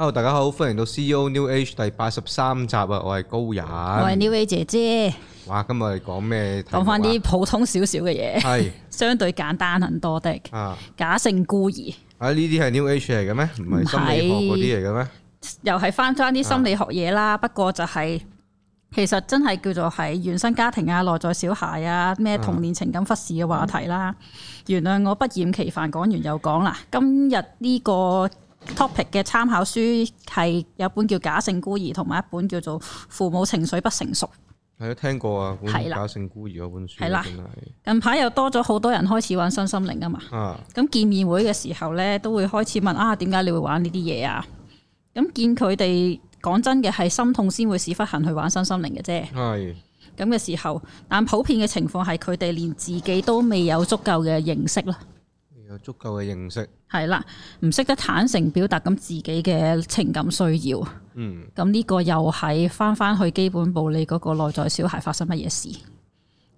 Hello，大家好，歡迎到 C E O New Age 第八十三集啊！我係高人，我係 New Age 姐姐。哇，今日講咩？講翻啲普通少少嘅嘢，係相對簡單很多的啊。假性孤兒啊，呢啲係 New Age 嚟嘅咩？唔係心理學嗰啲嚟嘅咩？又係翻翻啲心理學嘢啦。不過就係其實真係叫做係原生家庭啊、內在小孩啊、咩童年情感忽視嘅話題啦。原諒我不厭其煩講完又講啦。今日呢個 topic 嘅參考書係有一本叫假性孤兒，同埋一本叫做父母情緒不成熟。係都聽過啊，假性孤兒嗰本書。係啦的，是近排又多咗好多人開始玩身心靈啊嘛。咁、啊、見面會嘅時候咧，都會開始問啊，點解你會玩呢啲嘢啊？咁見佢哋，講真嘅係心痛先會屎忽痕去玩身心靈嘅啫。係咁嘅時候，但普遍嘅情況係佢哋連自己都未有足夠嘅認識咯。有足夠嘅認識係啦，唔識得坦誠表達咁自己嘅情感需要，嗯，咁呢個又係翻翻去基本暴力嗰個內在小孩發生乜嘢事，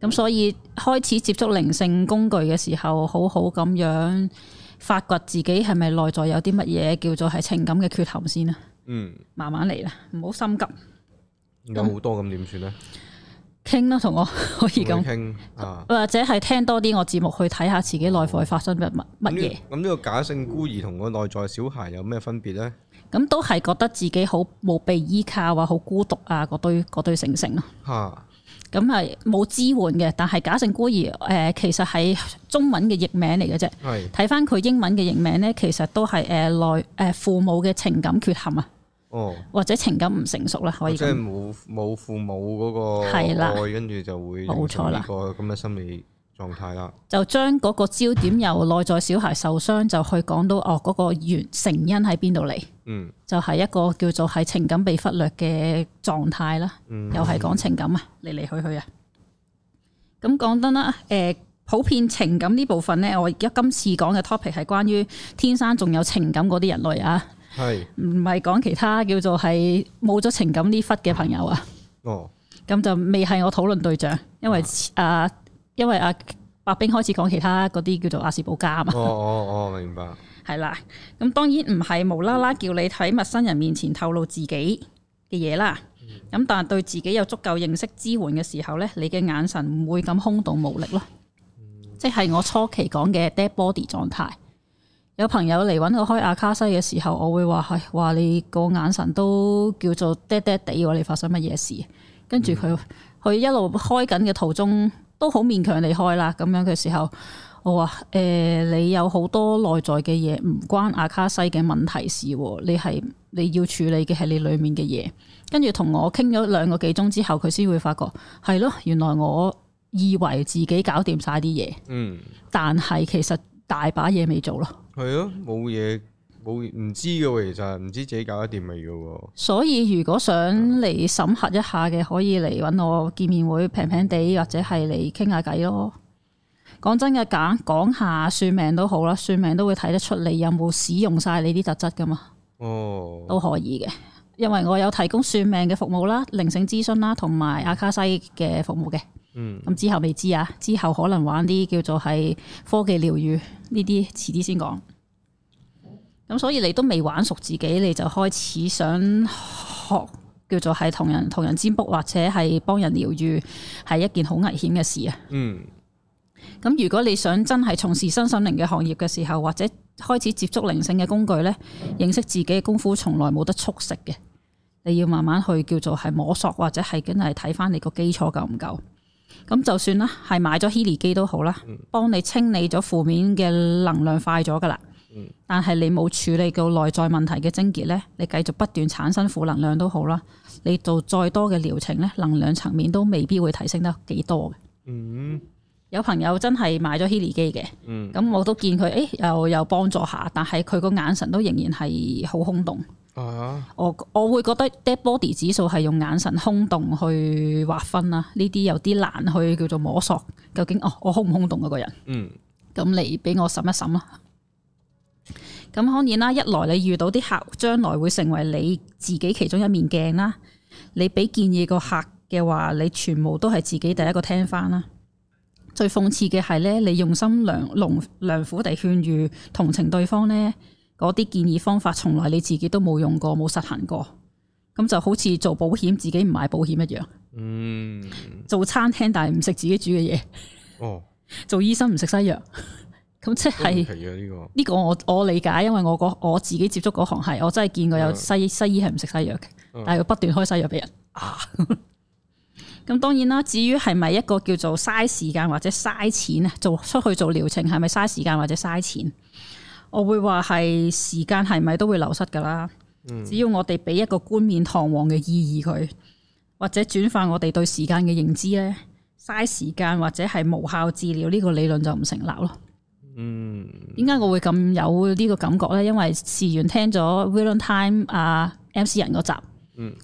咁所以開始接觸靈性工具嘅時候，好好咁樣發掘自己係咪內在有啲乜嘢叫做係情感嘅缺陷先啦，嗯，慢慢嚟啦，唔好心急，有好多咁點算呢？嗯傾咯，同我可以咁，啊、或者係聽多啲我節目去睇下自己內在發生乜乜乜嘢。咁呢、嗯、個假性孤兒同個內在小孩有咩分別呢？咁、嗯、都係覺得自己好冇被依靠啊、嗯，好孤獨啊！嗰堆堆成成咯。吓，咁係冇支援嘅，但係假性孤兒誒、呃，其實係中文嘅譯名嚟嘅啫。係睇翻佢英文嘅譯名呢，其實都係誒內誒父母嘅情感缺陷啊。哦，或者情感唔成熟啦，可以即係冇冇父母嗰個愛，跟住的就會冇錯啦個咁嘅心理狀態啦。就將嗰個焦點由內在小孩受傷，就去講到哦嗰個原成因喺邊度嚟？嗯，就係一個叫做係情感被忽略嘅狀態啦。嗯，又係講情感啊，嚟嚟去去啊。咁講得啦，誒，普遍情感呢部分咧，我而家今次講嘅 topic 係關於天生仲有情感嗰啲人類啊。係唔係講其他叫做係冇咗情感呢忽嘅朋友啊？哦，咁就未係我討論對象，因為啊，啊，因為阿、啊、白兵開始講其他嗰啲叫做亞氏保加啊嘛。哦哦哦，明白。係 啦，咁當然唔係無啦啦叫你喺陌生人面前透露自己嘅嘢啦。咁、嗯、但係對自己有足夠認識支援嘅時候咧，你嘅眼神唔會咁空洞無力咯。即係、嗯、我初期講嘅 dead body 狀態。有朋友嚟揾我開阿卡西嘅時候，我會話係，話、哎、你個眼神都叫做爹爹地，話你發生乜嘢事。跟住佢，佢一路開緊嘅途中都好勉強地開啦。咁樣嘅時候，我話誒、呃，你有好多內在嘅嘢唔關阿卡西嘅問題事，你係你要處理嘅係你裏面嘅嘢。跟住同我傾咗兩個幾鐘之後，佢先會發覺係咯，原來我以為自己搞掂晒啲嘢，嗯，但係其實。大把嘢未做咯，係啊，冇嘢，冇，唔知嘅，其實唔知自己搞得掂未㗎喎。所以如果想嚟審核一下嘅，可以嚟揾我見面會平平地，或者係嚟傾下偈咯。講真嘅，講講下算命都好啦，算命都會睇得出你有冇使用晒你啲特質噶嘛。哦，都可以嘅，因為我有提供算命嘅服務啦，靈性諮詢啦，同埋阿卡西嘅服務嘅。嗯，咁之後未知啊，之後可能玩啲叫做係科技療愈呢啲，遲啲先講。咁所以你都未玩熟自己，你就開始想學叫做係同人同人占卜，或者係幫人療愈，係一件好危險嘅事啊。嗯，咁如果你想真係從事身心靈嘅行業嘅時候，或者開始接觸靈性嘅工具咧，認識自己嘅功夫從來冇得速食嘅，你要慢慢去叫做係摸索，或者係梗係睇翻你個基礎夠唔夠。咁就算啦，係買咗 Healy 機都好啦，幫你清理咗負面嘅能量快咗噶啦。但係你冇處理到內在問題嘅症結咧，你繼續不斷產生負能量都好啦。你做再多嘅療程咧，能量層面都未必會提升得幾多嘅。嗯、mm，hmm. 有朋友真係買咗 Healy 機嘅，咁、mm hmm. 我都見佢，誒、哎、又有幫助下，但係佢個眼神都仍然係好空洞。Uh huh. 我我會覺得 dead body 指數係用眼神空洞去劃分啦，呢啲有啲難去叫做摸索究竟哦，我空唔空洞嗰個人？嗯、uh，咁、huh. 你俾我審一審啦。咁當然啦，一來你遇到啲客，將來會成為你自己其中一面鏡啦。你俾建議個客嘅話，你全部都係自己第一個聽翻啦。最諷刺嘅係咧，你用心良良良苦地勸喻、同情對方咧。嗰啲建議方法，從來你自己都冇用過，冇實行過，咁就好似做保險自己唔買保險一樣。嗯，做餐廳但係唔食自己煮嘅嘢。哦，做醫生唔食西藥，咁即係呢個呢個我我理解，因為我我自己接觸嗰行係我真係見過有西、嗯、西醫係唔食西藥嘅，嗯、但係佢不斷開西藥俾人。啊，咁當然啦。至於係咪一個叫做嘥時間或者嘥錢啊？做出去做療程係咪嘥時間或者嘥錢？我會話係時間係咪都會流失㗎啦？嗯、只要我哋俾一個冠冕堂皇嘅意義佢，或者轉化我哋對時間嘅認知咧，嘥時間或者係無效治療呢個理論就唔成立咯。嗯，點解我會咁有呢個感覺咧？因為事緣聽咗 Willen Time 啊 MC 人嗰集，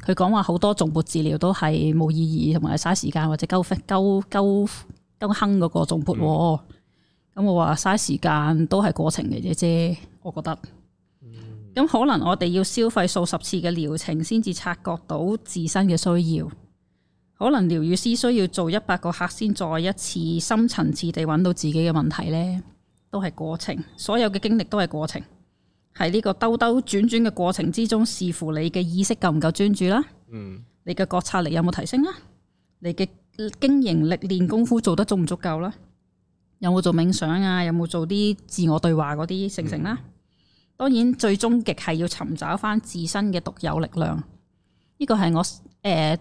佢講話好多重撥治療都係冇意義同埋嘥時間或者鳩飛鳩鳩鳩哼嗰個重撥喎。嗯咁我話嘥時間都係過程嘅啫，啫，我覺得。咁可能我哋要消費數十次嘅療程，先至察覺到自身嘅需要。可能療癒師需要做一百個客，先再一次深層次地搵到自己嘅問題呢，都係過程。所有嘅經歷都係過程，喺呢個兜兜轉轉嘅過程之中，視乎你嘅意識夠唔夠專注啦。你嘅覺察力有冇提升啊？你嘅經營歷練功夫做得足唔足夠啦？有冇做冥想啊？有冇做啲自我對話嗰啲成成啦？嗯、當然最終極係要尋找翻自身嘅獨有力量。呢個係我誒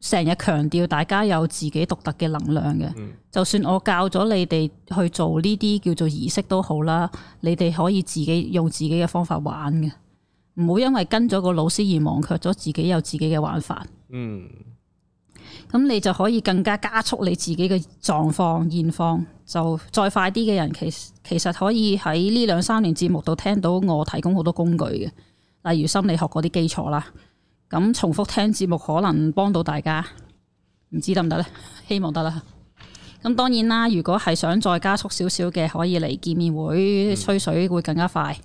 成日強調，呃、強調大家有自己獨特嘅能量嘅。嗯、就算我教咗你哋去做呢啲叫做儀式都好啦，你哋可以自己用自己嘅方法玩嘅。唔好因為跟咗個老師而忘卻咗自己有自己嘅玩法。嗯。咁你就可以更加加速你自己嘅狀況現況，就再快啲嘅人，其實其實可以喺呢兩三年節目度聽到我提供好多工具嘅，例如心理學嗰啲基礎啦。咁重複聽節目可能幫到大家，唔知得唔得呢？希望得啦。咁當然啦，如果係想再加速少少嘅，可以嚟見面會吹水會更加快。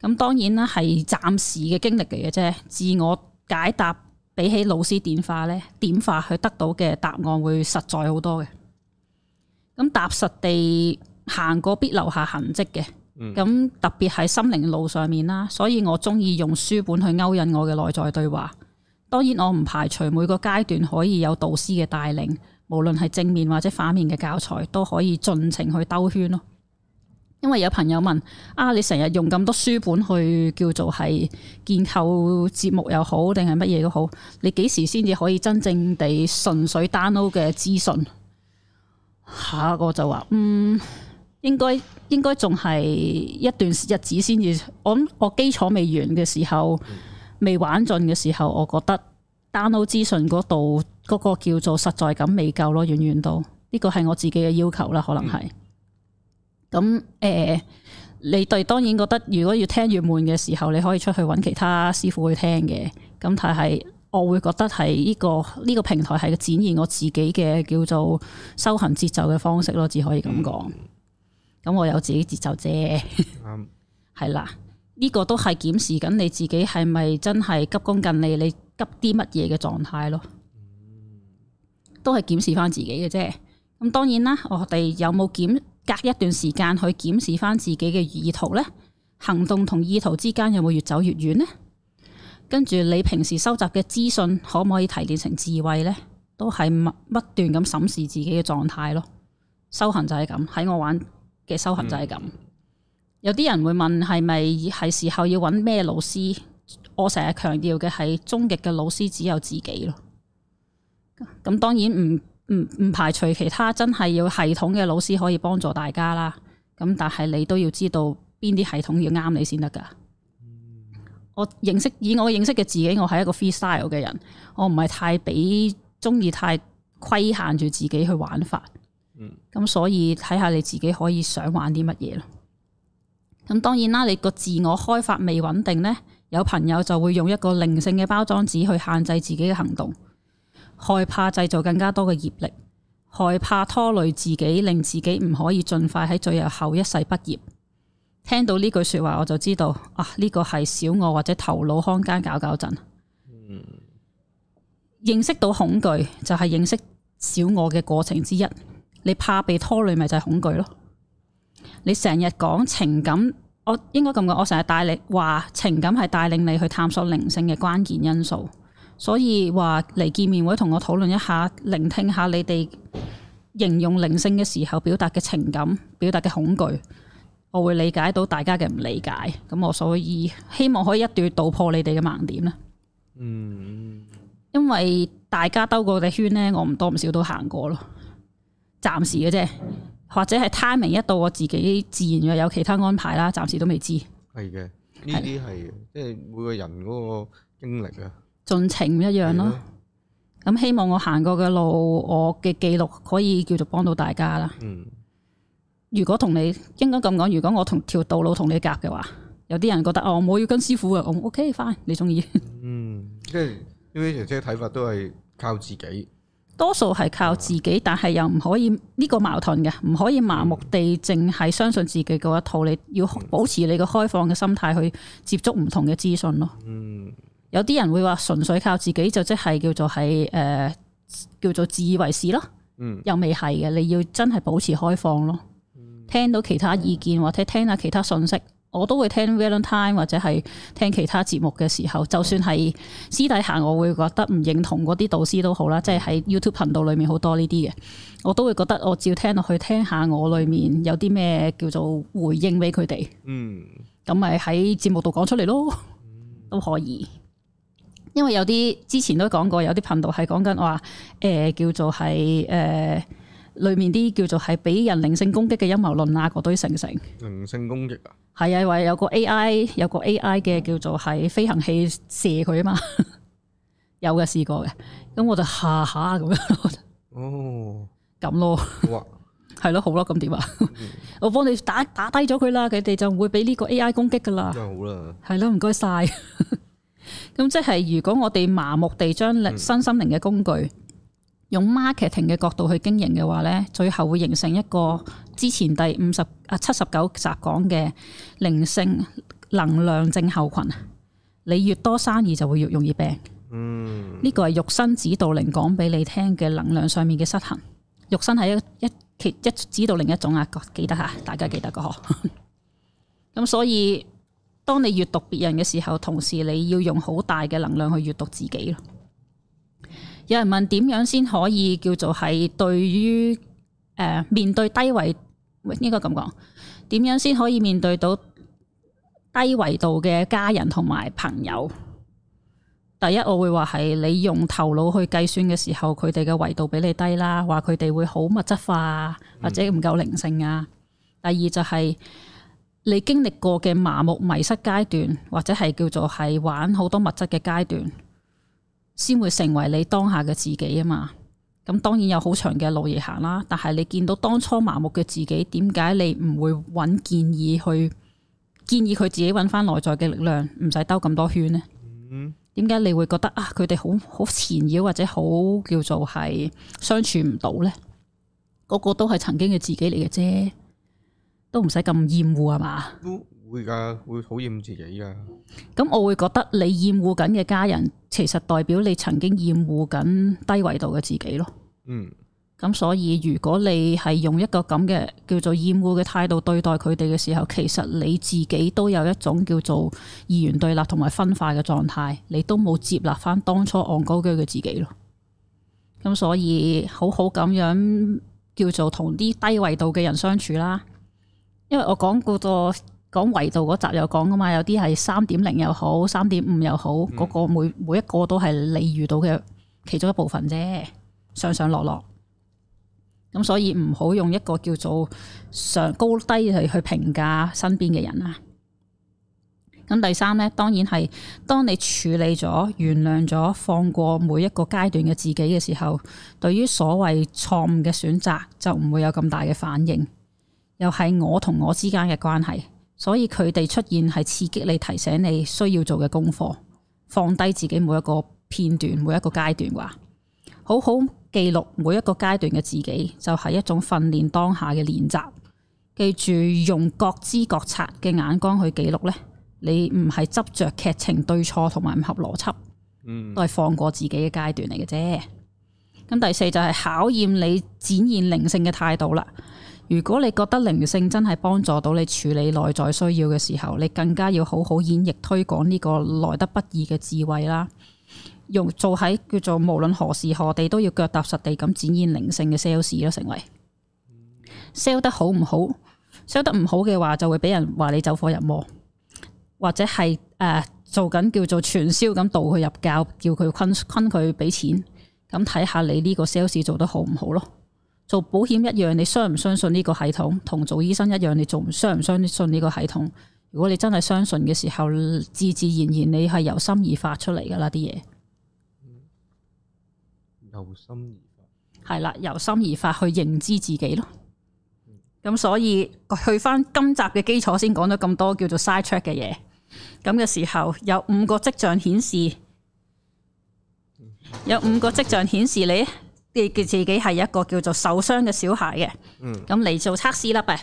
咁當然啦，係暫時嘅經歷嚟嘅啫，自我解答。比起老師點化咧，點化去得到嘅答案會實在好多嘅。咁踏實地行過必留下痕跡嘅。咁、嗯、特別喺心靈路上面啦，所以我中意用書本去勾引我嘅內在對話。當然我唔排除每個階段可以有導師嘅帶領，無論係正面或者反面嘅教材都可以盡情去兜圈咯。因為有朋友問啊，你成日用咁多書本去叫做係建構節目又好，定係乜嘢都好，你幾時先至可以真正地純粹 download 嘅資訊？下、啊、個就話，嗯，應該應該仲係一段日子先至。我我基礎未完嘅時候，未玩盡嘅時候，我覺得 download 資訊嗰度嗰個叫做實在感未夠咯，遠遠都呢個係我自己嘅要求啦，可能係。咁誒、呃，你對當然覺得如果越聽越悶嘅時候，你可以出去揾其他師傅去聽嘅。咁但係我會覺得係呢、個呢、個平台係展現我自己嘅叫做修行節奏嘅方式咯，只可以咁講。咁、嗯、我有自己節奏啫，係啦、嗯。呢、 個都係檢視緊你自己係咪真係急功近利，你急啲乜嘢嘅狀態咯？都係檢視翻自己嘅啫。咁當然啦，我哋有冇檢？隔一段時間去檢視翻自己嘅意圖呢，行動同意圖之間有冇越走越遠呢？跟住你平時收集嘅資訊可唔可以提煉成智慧呢？都係不斷咁審視自己嘅狀態咯。修行就係咁，喺我玩嘅修行就係咁。嗯、有啲人會問係咪係時候要揾咩老師？我成日強調嘅係終極嘅老師只有自己咯。咁當然唔。唔唔排除其他真係要系統嘅老師可以幫助大家啦，咁但係你都要知道邊啲系統要啱你先得噶。嗯、我認識以我認識嘅自己，我係一個 freestyle 嘅人，我唔係太俾中意太規限住自己去玩法。咁、嗯、所以睇下你自己可以想玩啲乜嘢咯。咁當然啦，你個自我開發未穩定呢，有朋友就會用一個靈性嘅包裝紙去限制自己嘅行動。害怕製造更加多嘅業力，害怕拖累自己，令自己唔可以盡快喺最後後一世畢業。聽到呢句說話，我就知道啊，呢個係小我或者頭腦看家搞搞震。嗯，認識到恐懼就係認識小我嘅過程之一。你怕被拖累，咪就係恐懼咯。你成日講情感，我應該咁講，我成日帶你話情感係帶領你去探索靈性嘅關鍵因素。所以話嚟見面會同我討論一下，聆聽下你哋形容靈性嘅時候表達嘅情感，表達嘅恐懼，我會理解到大家嘅唔理解。咁我所以希望可以一段道破你哋嘅盲點咧。嗯，因為大家兜過嘅圈呢，我唔多唔少都行過咯。暫時嘅啫，或者係 timing 一到，我自己自然又有其他安排啦。暫時都未知。係嘅，呢啲係即係每個人嗰個經歷啊。盡情唔一樣咯，咁的希望我行過嘅路，我嘅記錄可以叫做幫到大家啦。嗯，如果同你應該咁講，如果我同條道路同你隔嘅話，有啲人覺得哦，我要跟師傅啊，我 OK 翻，你中意。嗯，即係呢一條車睇法都係靠自己，多數係靠自己，但係又唔可以呢個矛盾嘅，唔可以麻木地淨係相信自己嘅一套。嗯，你要保持你嘅開放嘅心態去接觸唔同嘅資訊咯。嗯。有啲人會話純粹靠自己就即、是、係叫做係誒、呃、叫做自以為是咯，又未係嘅，你要真係保持開放咯，聽到其他意見或者聽下其他信息，我都會聽 Valentine 或者係聽其他節目嘅時候，就算係私底下，我會覺得唔認同嗰啲導師都好啦，即、就、係、是、喺 YouTube 頻道裏面好多呢啲嘅，我都會覺得我照要聽落去聽下我裏面有啲咩叫做回應俾佢哋，嗯，咁咪喺節目度講出嚟咯，都可以。因為有啲之前都講過，有啲頻道係講緊話，誒、呃、叫做係誒、呃、裏面啲叫做係俾人靈性攻擊嘅陰謀論啊，嗰堆成成靈性攻擊啊，係啊，話有個 A I 有個 A I 嘅叫做係飛行器射佢啊嘛，有嘅試過嘅，咁我就下下咁樣，哦，咁咯，係咯、啊， 好咯，咁點啊？ 我幫你打打低咗佢啦，佢哋就唔會俾呢個 A I 攻擊噶啦，真係好啦，係咯，唔該晒。咁即係如果我哋麻木地將身心靈嘅工具用 marketing 嘅角度去經營嘅話咧，最後會形成一個之前第五十啊七十九集講嘅靈性能量症候群。你越多生意就會越容易病。嗯，呢個係肉身指導靈講俾你聽嘅能量上面嘅失衡。肉身係一一一指導另一種啊，記得吓，大家記得，那個，咁所以。當你閱讀別人嘅時候，同時你要用好大嘅能量去閱讀自己咯。有人問點樣先可以叫做係對於誒、呃、面對低維，喂，應該咁講，點樣先可以面對到低維度嘅家人同埋朋友？第一，我會話係你用頭腦去計算嘅時候，佢哋嘅維度比你低啦，話佢哋會好物質化或者唔夠靈性啊。嗯、第二就係、是。你經歷過嘅麻木迷失階段，或者係叫做係玩好多物質嘅階段，先會成為你當下嘅自己啊嘛。咁當然有好長嘅路要行啦。但係你見到當初麻木嘅自己，點解你唔會揾建議去建議佢自己揾翻內在嘅力量，唔使兜咁多圈呢？點解你會覺得啊，佢哋好好纏繞或者好叫做係相處唔到呢？個個都係曾經嘅自己嚟嘅啫。都唔使咁厭惡，係嘛？都會㗎，會好厭自己㗎。咁我會覺得你厭惡緊嘅家人，其實代表你曾經厭惡緊低緯度嘅自己咯。嗯。咁所以如果你係用一個咁嘅叫做厭惡嘅態度對待佢哋嘅時候，其實你自己都有一種叫做二元對立同埋分化嘅狀態，你都冇接納翻當初戇居居嘅自己咯。咁所以好好咁樣叫做同啲低緯度嘅人相處啦。因為我講過咗，講維度嗰集又講噶嘛，有啲係三點零又好，三點五又好，嗰、嗰個每每一個都係你遇到嘅其中一部分啫，上上落落。咁所以唔好用一個叫做上高低嚟去評價身邊嘅人啦。咁第三呢，當然係當你處理咗、原諒咗、放過每一個階段嘅自己嘅時候，對於所謂錯誤嘅選擇就唔會有咁大嘅反應。又係我同我之間嘅關係，所以佢哋出現係刺激你，提醒你需要做嘅功課，放低自己每一個片段，每一個階段話，好好記錄每一個階段嘅自己，就係一種訓練當下嘅練習。記住用覺知覺察嘅眼光去記錄呢，你唔係執着劇情對錯同埋唔合邏輯，都係放過自己嘅階段嚟嘅啫。咁第四就係考驗你展現靈性嘅態度啦。如果你覺得靈性真係幫助到你處理內在需要嘅時候，你更加要好好演繹推廣呢個來得不易嘅智慧啦，用做喺叫做無論何時何地都要腳踏實地咁展現靈性嘅 sales 咯，成為 sell 得好唔好？sell 得唔好嘅話，就會俾人話你走火入魔，或者係誒、呃、做緊叫做傳銷咁導佢入教，叫佢坤佢俾錢，咁睇下你呢個 sales 做得好唔好咯？做保險一樣，你相唔相信呢個系統？同做醫生一樣，你仲相唔相信呢個系統？如果你真係相信嘅時候，自自然然你係由心而發出嚟噶啦啲嘢。由心而發係啦，由心而發去認知自己咯。咁、嗯、所以去返今集嘅基礎先講咗咁多叫做 side check 嘅嘢。咁嘅時候有五個跡象顯示，有五個跡象顯示你。嘅自己係一個叫做受傷嘅小孩嘅，咁嚟、嗯、做測試啦。啊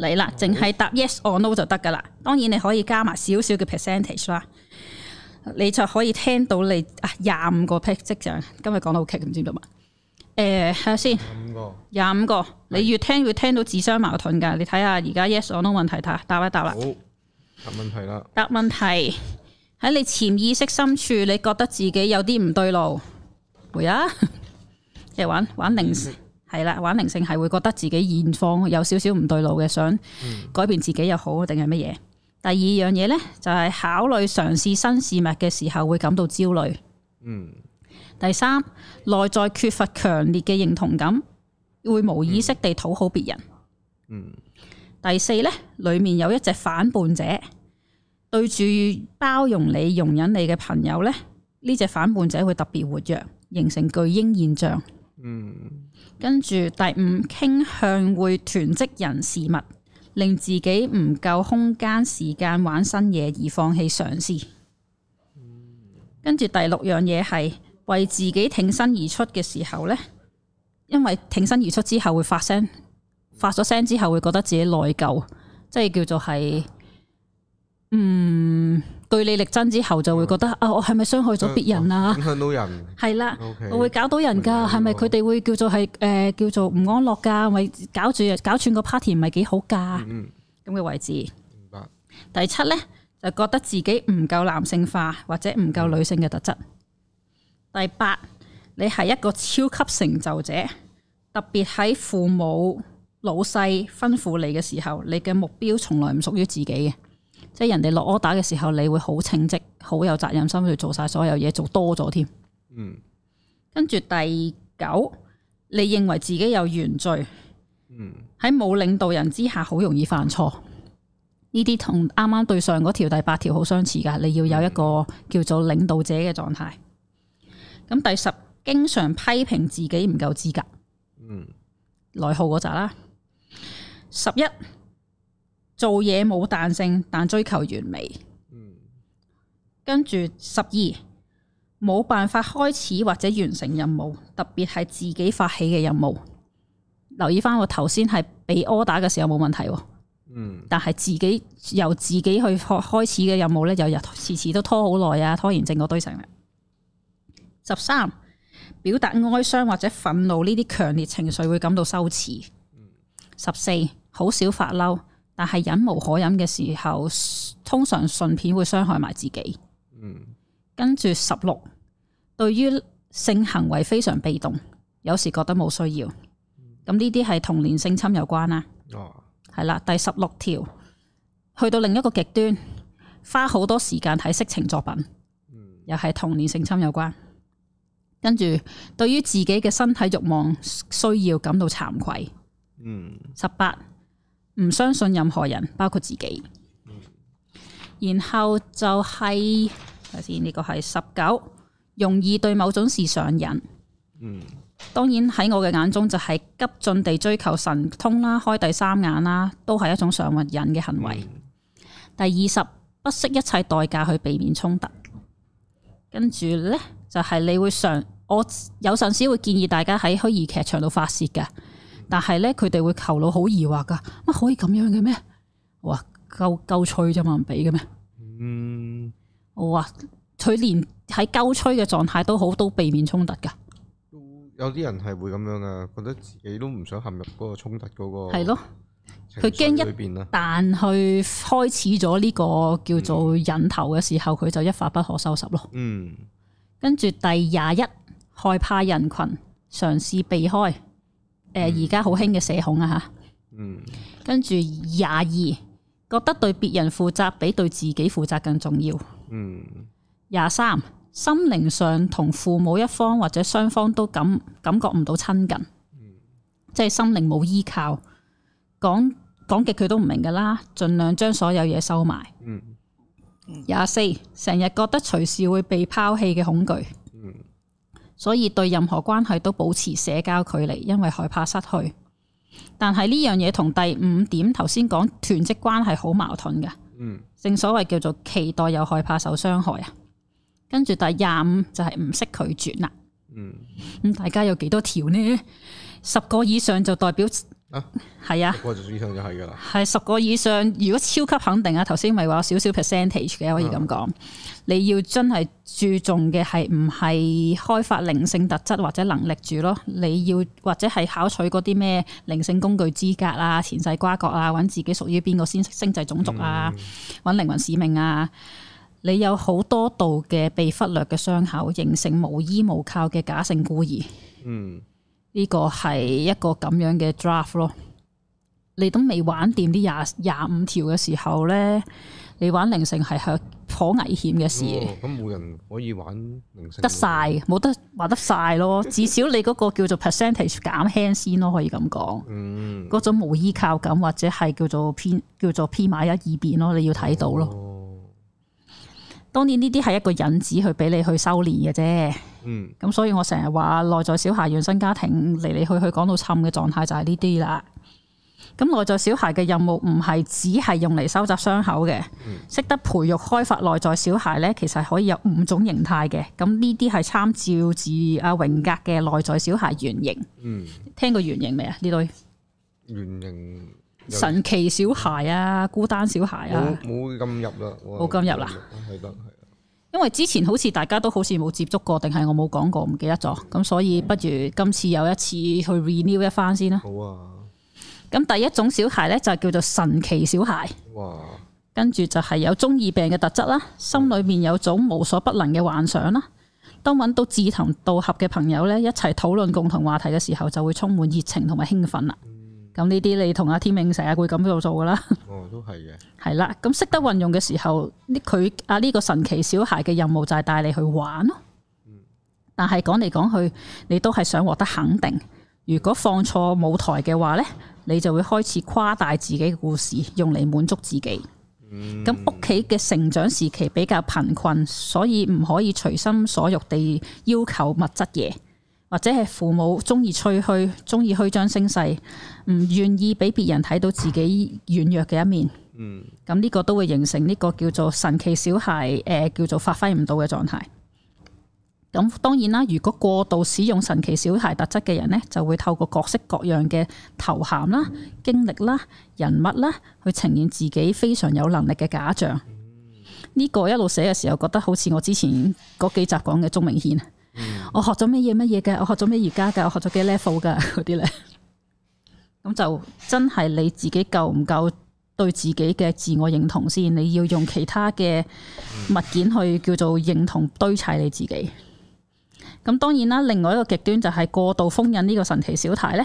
嚟啦，淨係答 yes or no 就得噶啦。當然你可以加埋少少嘅 percentage 啦，你就可以聽到你啊廿五個 percent 即係今日講到好奇，唔知道懂嗎？睇、呃、下先，廿五個，廿五個。你越聽越聽到自相矛盾噶。你睇下而家 yes or no 問題，睇下答一答啦。好答問題啦。答問題喺你潛意識深處，你覺得自己有啲唔對路。回啊！ 即玩玩靈性係啦，玩靈性係會覺得自己現況有少少唔對路嘅，想改變自己又好定係乜嘢。第二樣嘢呢，就係考慮嘗試新事物嘅時候會感到焦慮。嗯。第三，內在缺乏強烈嘅認同感，會無意識地討好別人。嗯。第四呢，裏面有一隻反叛者，對住包容你、容忍你嘅朋友呢，呢隻反叛者會特別活躍，形成巨嬰現象。跟住第五傾向會囤積人事物，令自己唔夠空間時間玩新嘢而放棄嘗試。跟住第六樣嘢係為自己挺身而出嘅時候呢，因為挺身而出之後會發聲，發咗聲之後會覺得自己內疚，即係叫做係，嗯。據你力爭之後就會覺得啊，我係咪傷害咗別人啊？啊，影響到人係啦，的 okay, 我會搞到人噶，係咪佢哋會叫做係誒、呃、叫做唔安樂噶？咪搞住搞串個 party 唔係幾好噶？嗯，咁嘅位置。白第七呢，就覺得自己唔夠男性化或者唔夠女性嘅特質。第八，你係一個超級成就者，特別喺父母老細吩咐你嘅時候，你嘅目標從來唔屬於自己嘅。即係人哋落 order 嘅時候，你會好稱職、好有責任心去做晒所有嘢，做多咗添。嗯。跟住第九，你認為自己有原罪。嗯。喺冇領導人之下，好容易犯錯。呢啲同啱啱對上嗰條第八條好相似噶，你要有一個叫做領導者嘅狀態。咁、嗯、第十，經常批評自己唔夠資格。嗯。內耗嗰集啦。十一。做嘢冇彈性，但追求完美。嗯，跟住十二，冇辦法開始或者完成任務，特別係自己發起嘅任務。留意翻我頭先係俾 order 嘅時候冇問題，嗯，但係自己由自己去開始嘅任務咧，又日遲遲都拖好耐啊，拖延症嗰堆成啦。十三，表達哀傷或者憤怒呢啲強烈情緒會感到羞恥。十四，好少發嬲。但係忍無可忍嘅時候，通常信片會傷害埋自己。嗯，跟住十六，對於性行為非常被動，有時覺得冇需要。咁呢啲係童年性侵有關啦，啊。哦，係啦，第十六條，去到另一個極端，花好多時間睇色情作品。嗯，又係童年性侵有關。跟住對於自己嘅身體慾望需要感到慚愧。嗯，十八。唔相信任何人，包括自己。然後就係睇先，呢、呢個係十九，容易對某種事上癮。嗯，當然喺我嘅眼中就係急進地追求神通啦，開第三眼啦，都係一種上癮嘅行為。嗯、第二十，不惜一切代價去避免衝突。跟住呢，就係、是、你會上，我有陣時會建議大家喺虛擬劇場度發泄嘅。但係咧，佢哋會求腦好疑惑噶，乜可以咁樣嘅咩？哇，夠夠吹咋嘛？唔俾嘅咩？嗯，我話佢連喺夠吹嘅狀態都好，都避免衝突噶。有啲人係會咁樣噶，覺得自己都唔想陷入嗰個衝突嗰個。係咯，佢驚一旦去開始咗呢個叫做引頭嘅時候，佢、嗯、就一發不可收拾咯。嗯，跟住第廿一，害怕人群，嘗試避開。誒，而家好興嘅社恐啊吓，跟住廿二，22, 覺得對別人負責比對自己負責更重要。廿三、嗯，23, 心靈上同父母一方或者雙方都感感覺唔到親近，嗯、即係心靈冇依靠，講講極佢都唔明㗎啦，盡量將所有嘢收埋。廿四、嗯，成日覺得隨時會被拋棄嘅恐懼。所以對任何關係都保持社交距離，因為害怕失去。但係呢樣嘢同第五點頭先講團職關係好矛盾嘅。嗯。正所謂叫做期待又害怕受傷害啊。跟住第廿五就係唔識拒絕啦。嗯。咁大家有幾多條呢？十個以上就代表。啊，係啊，十個以上就係噶啦，係十個以上。如果超級肯定啊，頭先咪話少少 percentage 嘅，可以咁講。啊、你要真係注重嘅係唔係開發靈性特質或者能力住咯？你要或者係考取嗰啲咩靈性工具資格啊、前世瓜葛啊、揾自己屬於邊個先星際種族啊、揾靈、嗯、魂使命啊？你有好多度嘅被忽略嘅傷口，形成無依無靠嘅假性孤兒。嗯。呢個係一個咁樣嘅 draft 咯，你都未玩掂啲廿廿五條嘅時候咧，你玩靈性係係好危險嘅事。咁冇、哦、人可以玩靈性得晒，冇得玩得晒咯。 至少你嗰個叫做 percentage 減輕先咯，可以咁講。嗯，嗰種無依靠感或者係叫做偏叫做偏買一二變咯，你要睇到咯。哦。當然呢啲係一個引子，去俾你去修煉嘅啫。嗯，咁所以我成日話內在小孩原生家庭嚟嚟去去講到沉嘅狀態就係呢啲啦。咁內在小孩嘅任務唔係只係用嚟收集傷口嘅，識、嗯、得培育開發內在小孩呢，其實可以有五種形態嘅。咁呢啲係參照自阿榮格嘅內在小孩原型。嗯，聽過原型未啊？呢類原型。神奇小孩啊，孤單小孩啊，冇咁入啦，冇咁入啦，因為之前好似大家都好似冇接觸過，定係我冇講過，唔記得咗。咁所以不如今次有一次去 renew 一番先啦。好啊。咁第一種小孩呢，就叫做神奇小孩。哇！跟住就係有中二病嘅特質啦，心裏面有種無所不能嘅幻想啦。當揾到志同道合嘅朋友呢，一齊討論共同話題嘅時候，就會充滿熱情同埋興奮啦。咁呢啲你同阿天明成日會咁度做噶啦。哦，都係嘅。係啦，咁識得運用嘅時候，呢佢啊呢個神奇小孩嘅任務就係帶你去玩咯。但係講嚟講去，你都係想獲得肯定。如果放錯舞台嘅話呢，你就會開始誇大自己嘅故事，用嚟滿足自己。嗯。咁屋企嘅成長時期比較貧困，所以唔可以隨心所欲地要求物質嘢。或者係父母中意吹噓，中意虛張聲勢，唔願意俾別人睇到自己軟弱嘅一面。嗯，咁呢個都會形成呢個叫做神奇小孩誒、呃，叫做發揮唔到嘅狀態。咁當然啦，如果過度使用神奇小孩特質嘅人呢，就會透過各式各樣嘅頭銜啦、經歷啦、人物啦，去呈現自己非常有能力嘅假象。呢、這個一路寫嘅時候，覺得好似我之前嗰幾集講嘅鍾明軒。我學咗乜嘢乜嘢嘅？我學咗咩而家嘅？我學咗幾 level 噶嗰啲咧？咁 就真係你自己夠唔夠對自己嘅自我認同先？你要用其他嘅物件去叫做認同堆砌你自己。咁當然啦，另外一個極端就係過度封印呢個神奇小題咧，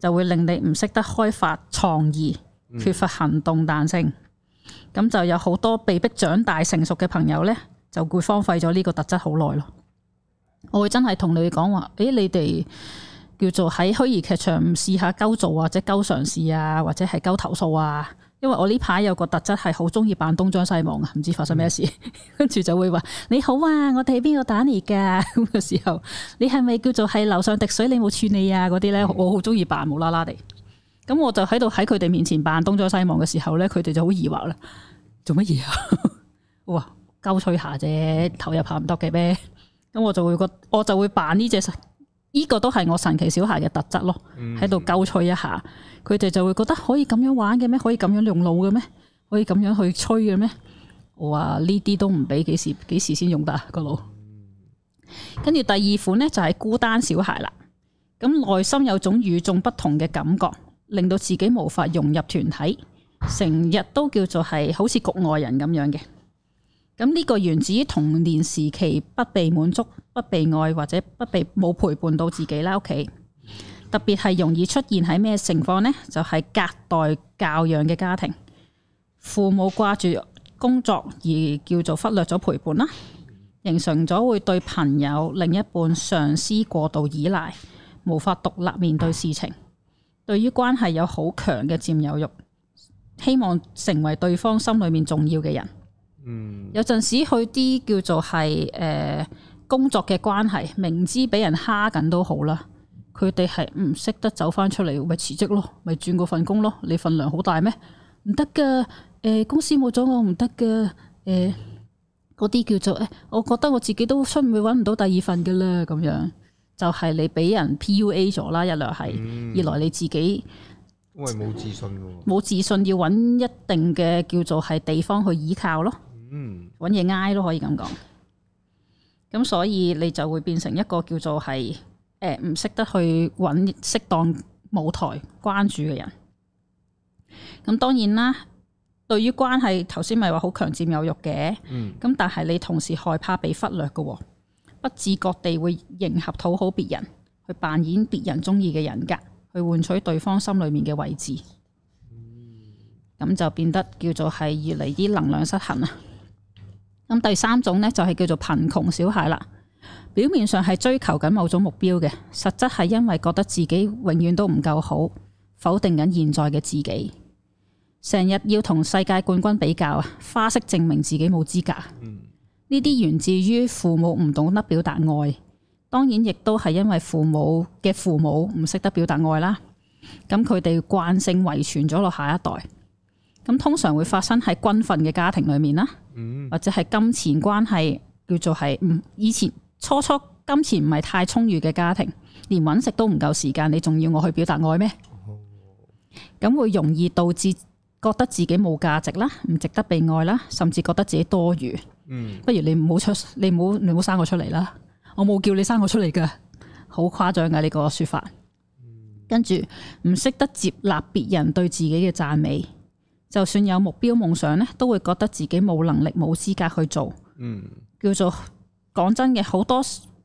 就會令你唔識得開發創意，缺乏行動彈性。咁就有好多被迫長大成熟嘅朋友咧，就會荒廢咗呢個特質好耐咯。我會真係同你講話，誒、欸，你哋叫做喺虛擬劇場試下鳩做或者鳩嘗試啊，或者係鳩投訴啊。因為我呢排有個特質係好中意扮東張西望啊，唔知發生咩事，跟 住就會話你好啊，我哋喺邊度打你噶？咁 嘅時候，你係咪叫做係樓上滴水？你冇處理啊？嗰啲咧，我好中意扮無啦啦地。咁我就喺度喺佢哋面前扮東張西望嘅時候咧，佢哋就好疑惑啦。做乜嘢啊？哇， 鳩吹下啫，投入下唔得嘅咩？咁我就會覺，我就會扮呢隻神，呢個都係我神奇小孩嘅特質咯，喺度鳩吹一下，佢哋就會覺得可以咁樣玩嘅咩？可以咁樣用腦嘅咩？可以咁樣去吹嘅咩？我話呢啲都唔俾，幾時幾時先用得個腦？跟住第二款呢，就係孤單小孩啦，咁內心有種與眾不同嘅感覺，令到自己無法融入團體，成日都叫做係好似局外人咁樣嘅。咁呢個源自於童年時期不被滿足、不被愛或者不被冇陪伴到自己啦屋企，特別係容易出現喺咩情況呢？就係隔代教養嘅家庭，父母掛住工作而叫做忽略咗陪伴啦，形成咗會對朋友、另一半、上司過度依賴，無法獨立面對事情，對於關係有好強嘅佔有欲，希望成為對方心裏面重要嘅人。嗯、有陣時去啲叫做係誒、呃、工作嘅關係，明知俾人蝦緊都好啦，佢哋係唔識得走翻出嚟，咪辭職咯，咪轉過份工咯。你份量好大咩？唔得噶，誒、呃、公司冇咗我唔得噶，誒嗰啲叫做、呃，我覺得我自己都出唔會搵唔到第二份噶啦，咁樣就係、是、你俾人 P.U.A. 咗啦，一來係，嗯、二來你自己，因為冇自信噶，冇自信要搵一定嘅叫做係地方去依靠咯。嗯，揾嘢挨都可以咁講，咁所以你就會變成一個叫做係誒唔識得去揾適當舞台關注嘅人。咁當然啦，對於關係頭先咪話好強佔有欲嘅，咁、嗯、但係你同時害怕被忽略嘅，不自覺地會迎合討好別人，去扮演別人中意嘅人格，去換取對方心裏面嘅位置。咁就變得叫做係越嚟啲能量失衡啊！咁第三種呢，就係叫做貧窮小孩啦。表面上係追求緊某種目標嘅，實質係因為覺得自己永遠都唔夠好，否定緊現在嘅自己，成日要同世界冠軍比較啊，花式證明自己冇資格。呢啲源自於父母唔懂得表達愛，當然亦都係因為父母嘅父母唔識得表達愛啦。咁佢哋慣性遺傳咗落下一代，咁通常會發生喺軍訓嘅家庭裏面啦。或者係金錢關係，叫做係，嗯，以前初初金錢唔係太充裕嘅家庭，連揾食都唔夠時間，你仲要我去表達愛咩？咁會容易導致覺得自己冇價值啦，唔值得被愛啦，甚至覺得自己多餘。嗯，不如你唔好出，你唔好你唔好生我出嚟啦，我冇叫你生我出嚟噶，好誇張噶呢個說法。跟住唔識得接納別人對自己嘅讚美。就算有目標、夢想咧，都會覺得自己冇能力、冇資格去做。嗯，叫做講真嘅，好多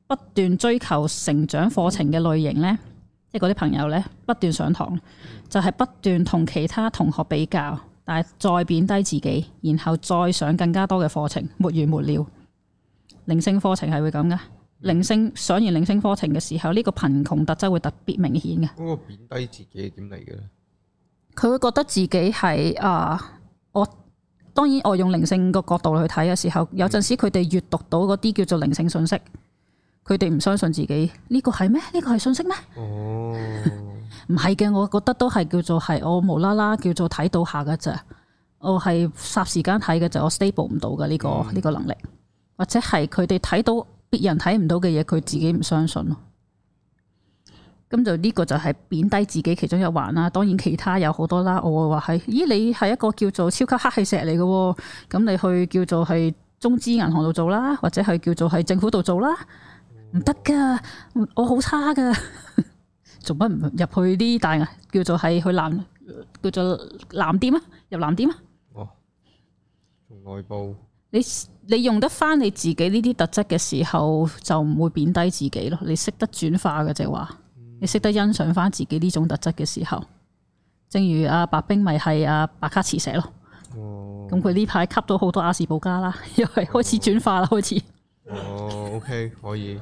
不斷追求成長課程嘅類型呢、嗯、即係嗰啲朋友呢，不斷上堂，就係、是、不斷同其他同學比較，但係再貶低自己，然後再上更加多嘅課程，沒完沒了。靈性課程係會咁噶？靈性上完靈性課程嘅時候，呢、這個貧窮特質會特別明顯嘅。嗰、嗯、個貶低自己係點嚟嘅咧？佢會覺得自己係啊！我當然我用靈性個角度去睇嘅時候，有陣時佢哋閲讀到嗰啲叫做靈性信息，佢哋唔相信自己呢個係咩？呢個係信息咩？唔係嘅，我覺得都係叫做係我無啦啦叫做睇到下㗎咋。我係霎時間睇嘅就我 stable 唔到嘅呢個呢個能力，或者係佢哋睇到別人睇唔到嘅嘢，佢自己唔相信咯。咁就呢個就係貶低自己其中一環啦。當然其他有好多啦。我會話係，咦你係一個叫做超級黑氣石嚟嘅喎。咁你去叫做係中資銀行度做啦，或者係叫做係政府度做啦，唔得噶。我好差噶，做乜唔入去啲大銀叫做係去藍叫做藍店啊？入藍店啊？哦，從內部。你你用得翻你自己呢啲特質嘅時候，就唔會貶低自己咯。你識得轉化嘅就係話。你識得欣賞翻自己呢種特質嘅時候，正如阿白兵咪係阿白卡慈社咯。哦，咁佢呢排吸到好多亞氏保加啦，又係開始轉化啦，開始。哦，OK，可以。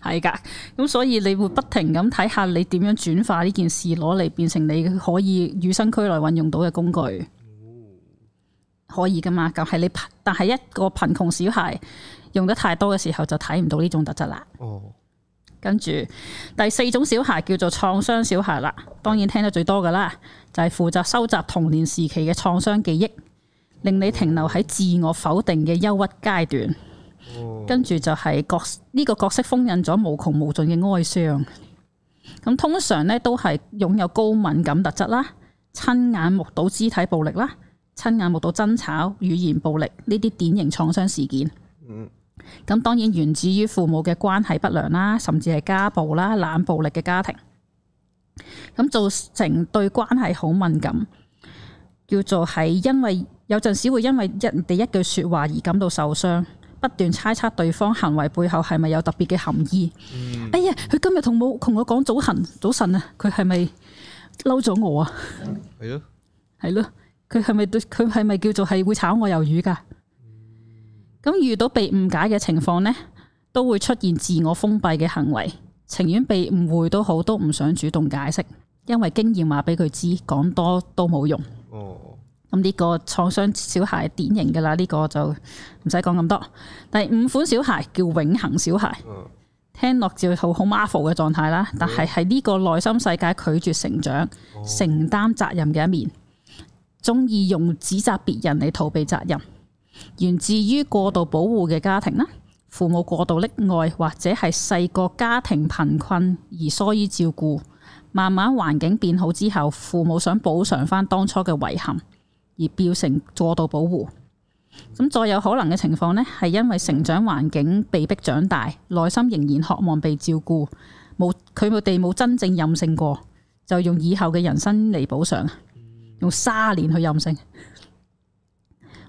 係㗎， 咁所以你會不停咁睇下你點樣轉化呢件事，攞嚟變成你可以與生俱來運用到嘅工具。可以㗎嘛？就係、但係你但係一個貧窮小孩用得太多嘅時候，就睇唔到呢種特質啦。哦。跟住第四種小孩叫做創傷小孩啦，當然聽得最多噶啦，就係負責收集童年時期嘅創傷記憶，令你停留喺自我否定嘅憂鬱階段。跟住就係角呢個角色封印咗無窮無盡嘅哀傷。咁通常呢都係擁有高敏感特質啦，親眼目睹肢體暴力啦，親眼目睹爭吵、語言暴力呢啲典型創傷事件。嗯。咁當然源自於父母嘅關係不良啦，甚至係家暴啦、冷暴力嘅家庭，咁造成對關係好敏感，叫做係因為有陣時會因為人哋一句說話而感到受傷，不斷猜測對方行為背後係咪有特別嘅含義？嗯、哎呀，佢今日同我同我講早晨早晨啊，佢係咪嬲咗我啊？係咯、嗯，係咯 的，佢係咪佢係咪叫做係會炒我魷魚噶？咁遇到被誤解嘅情況呢，都會出現自我封閉嘅行為，情願被誤會都好，都唔想主動解釋，因為經驗話俾佢知，講多都冇用。哦，咁呢個創傷小孩典型噶啦，呢個就唔使講咁多。第五款小孩叫永恆小孩，聽落就好好 Marvel 嘅狀態啦，但係喺呢個內心世界拒絕成長、承擔責任嘅一面，中意用指責別人嚟逃避責任。源自於過度保護嘅家庭啦，父母過度溺愛或者係細個家庭貧困而疏於照顧，慢慢環境變好之後，父母想補償翻當初嘅遺憾而變成過度保護。咁再有可能嘅情況呢，係因為成長環境被迫長大，內心仍然渴望被照顧，冇佢哋冇真正任性過，就用以後嘅人生嚟補償，用卅年去任性。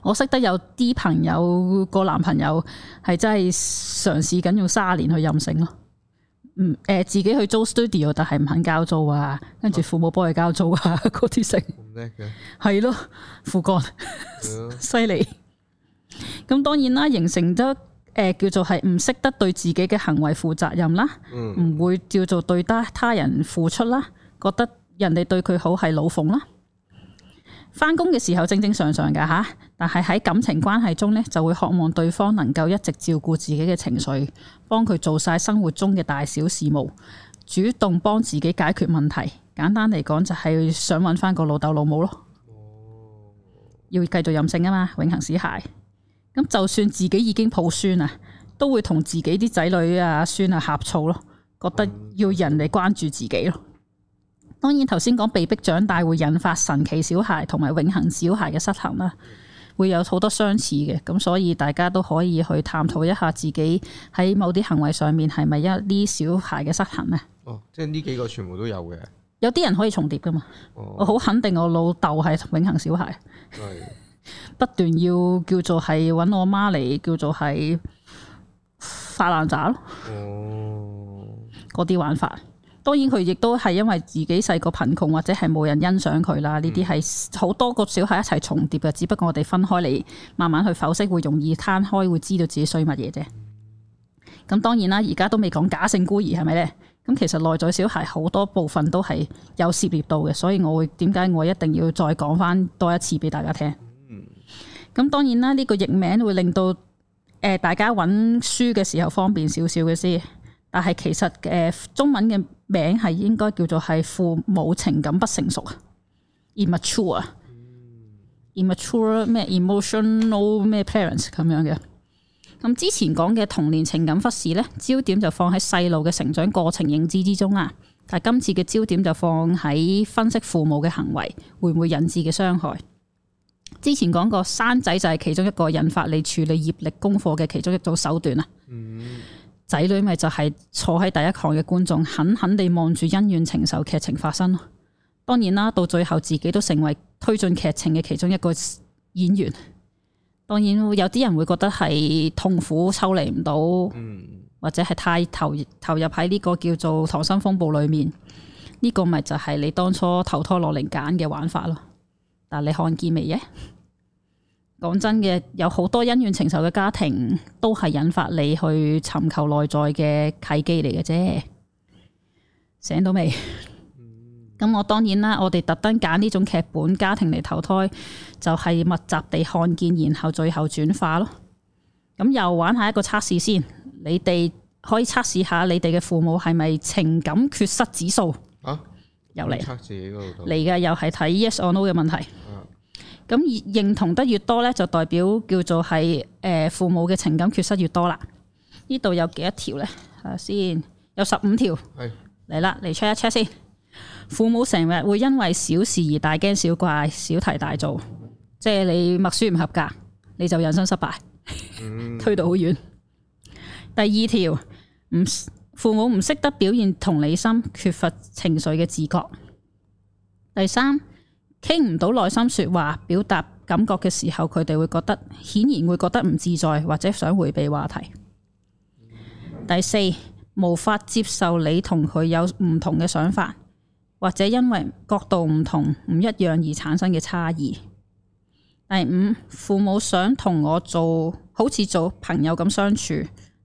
我識得有啲朋友、個男朋友係真係嘗試緊用卅年去任性咯，嗯、呃、誒自己去租 studio，但係唔肯交租啊，跟住父母幫佢交租啊，嗰啲性，唔叻嘅，係咯，副幹，犀利咯。咁 當然啦，形成咗誒、呃、叫做係唔識得對自己嘅行為負責任啦，唔、嗯、會叫做對得他人付出啦，覺得人哋對佢好係老奉啦。翻工嘅時候正正常常㗎吓。但係喺感情關係中呢，就會渴望對方能夠一直照顧自己嘅情緒，幫佢做晒生活中嘅大小事務，主動幫自己解決問題。簡單嚟講，就係想揾翻個老豆老母咯，要繼續任性啊嘛，永恆使鞋。咁就算自己已經抱孫啊，都會同自己啲仔女啊孫啊呷醋咯，覺得要人嚟關注自己咯。當然，頭先講被迫長大會引發神奇小孩同埋永恆小孩嘅失衡啦，會有好多相似嘅，咁所以大家都可以去探討一下自己喺某啲行為上面係咪一啲小孩嘅失衡呢？哦，即係呢幾個全部都有嘅，有啲人可以重疊噶嘛。哦、我好肯定我老豆係永恆小孩，的 不斷要叫做係揾我媽嚟叫做係發爛渣咯。哦，嗰啲玩法。當然佢亦都係因為自己細個貧窮或者係冇人欣賞佢啦，呢啲係好多個小孩一齊重疊嘅，只不過我哋分開嚟慢慢去剖析，會容易攤開，會知道自己需要乜嘢啫。咁當然啦，而家都未講假性孤兒係咪呢？咁其實內在小孩好多部分都係有涉獵到嘅，所以我會點解我一定要再講翻多一次俾大家聽。嗯。咁當然啦，呢個譯名會令到誒、呃、大家揾書嘅時候方便少少嘅先。但係其實誒、呃、中文嘅名係應該叫做係父母情感不成熟啊，immature 啊，immature 咩 emotional 咩 parents 咁樣嘅。咁之前講嘅童年情感忽視呢，焦點就放喺細路嘅成長過程認知之中啦。但係今次嘅焦點就放喺分析父母嘅行為會唔會引致嘅傷害。之前講過生仔就係其中一個引發你處理業力功課嘅其中一種手段啊。Mm. 仔女咪就係坐喺第一行嘅觀眾，狠狠地望住恩怨情仇劇情發生。當然啦，到最後自己都成為推進劇情嘅其中一個演員。當然有啲人會覺得係痛苦抽離唔到，或者係太投投入喺呢個叫做溏心風暴裏面。呢、這個咪就係你當初投胎落嚟揀嘅玩法咯。但你看見未嘢？講真嘅，有好多恩怨情仇嘅家庭，都係引發你去尋求內在嘅契機嚟嘅啫。醒到未？咁、嗯、我當然啦，我哋特登揀呢種劇本家庭嚟投胎，就係、是、密集地看見，然後最後轉化咯。咁又玩一下一個測試先，你哋可以測試下你哋嘅父母係咪情感缺失指數、啊、又嚟？測自己嗰度嚟嘅，又係睇 yes or no 嘅問題。啊咁認同得越多呢，就代表叫做係誒父母嘅情感缺失越多啦。呢度有幾多條咧？先？有十五條。係。嚟啦的，嚟 check 一 check 先。父母成日會因為小事而大驚小怪，小題大做，即係你默書唔合格，你就人生失敗， 推到好遠。嗯、第二條，唔父母唔識得表現同理心，缺乏情緒嘅自覺。第三。傾唔到內心說話，表達感覺嘅時候，佢哋會覺得顯然會覺得唔自在，或者想回避話題。第四，無法接受你同佢有唔同嘅想法，或者因為角度唔同、唔一樣而產生嘅差異。第五，父母想同我做好似做朋友咁相處，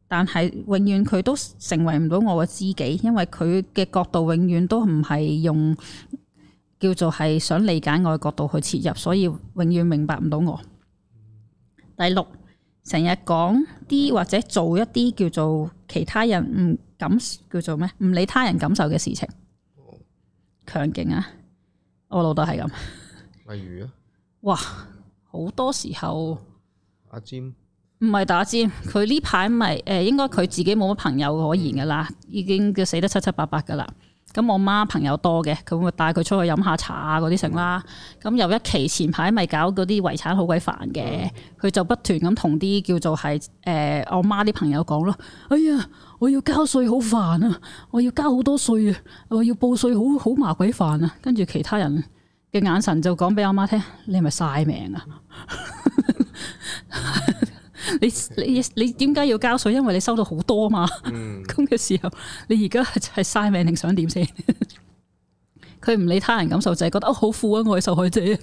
但係永遠佢都成為唔到我嘅知己，因為佢嘅角度永遠都唔係用。叫做係想理解我嘅角度去切入，所以永遠明白唔到我。嗯、第六，成日講啲或者做一啲叫做其他人唔感叫做咩唔理他人感受嘅事情，強勁啊！我老豆係咁。例如啊，哇，好多時候阿佔，唔係打尖，佢呢排咪誒，應該佢自己冇乜朋友可言噶啦，嗯、已經叫死得七七八八噶啦。咁我媽朋友多嘅，咁咪帶佢出去飲下茶啊嗰啲成啦。咁有一期前排咪搞嗰啲遺產好鬼煩嘅，佢就不斷咁同啲叫做係誒、呃、我媽啲朋友講咯。哎呀，我要交稅好煩啊，我要交好多稅啊，我要報稅好好麻鬼煩啊。跟住其他人嘅眼神就講俾我媽聽，你係咪曬命啊？ 你你你點解要交稅？因為你收到好多嘛。咁嘅、嗯、時候，你而家係晒命定想點先？佢 唔理他人感受，就係覺得哦好富啊，我係受害者。咁、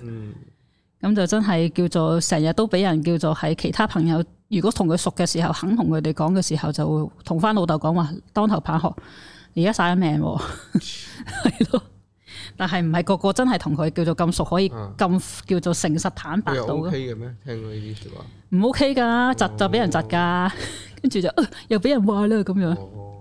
嗯、就真係叫做成日都俾人叫做喺其他朋友。如果同佢熟嘅時候，肯同佢哋講嘅時候，就會同翻老豆講話，當頭棒喝。而家晒咗命，啊，係咯。但係唔係個個真係同佢叫做咁熟，可以咁叫做誠實坦白到嘅。唔、啊、OK 嘅咩？聽到呢啲説話？唔 OK 噶，窒就俾人窒噶，跟住、哦、就又俾人話啦咁樣。哦、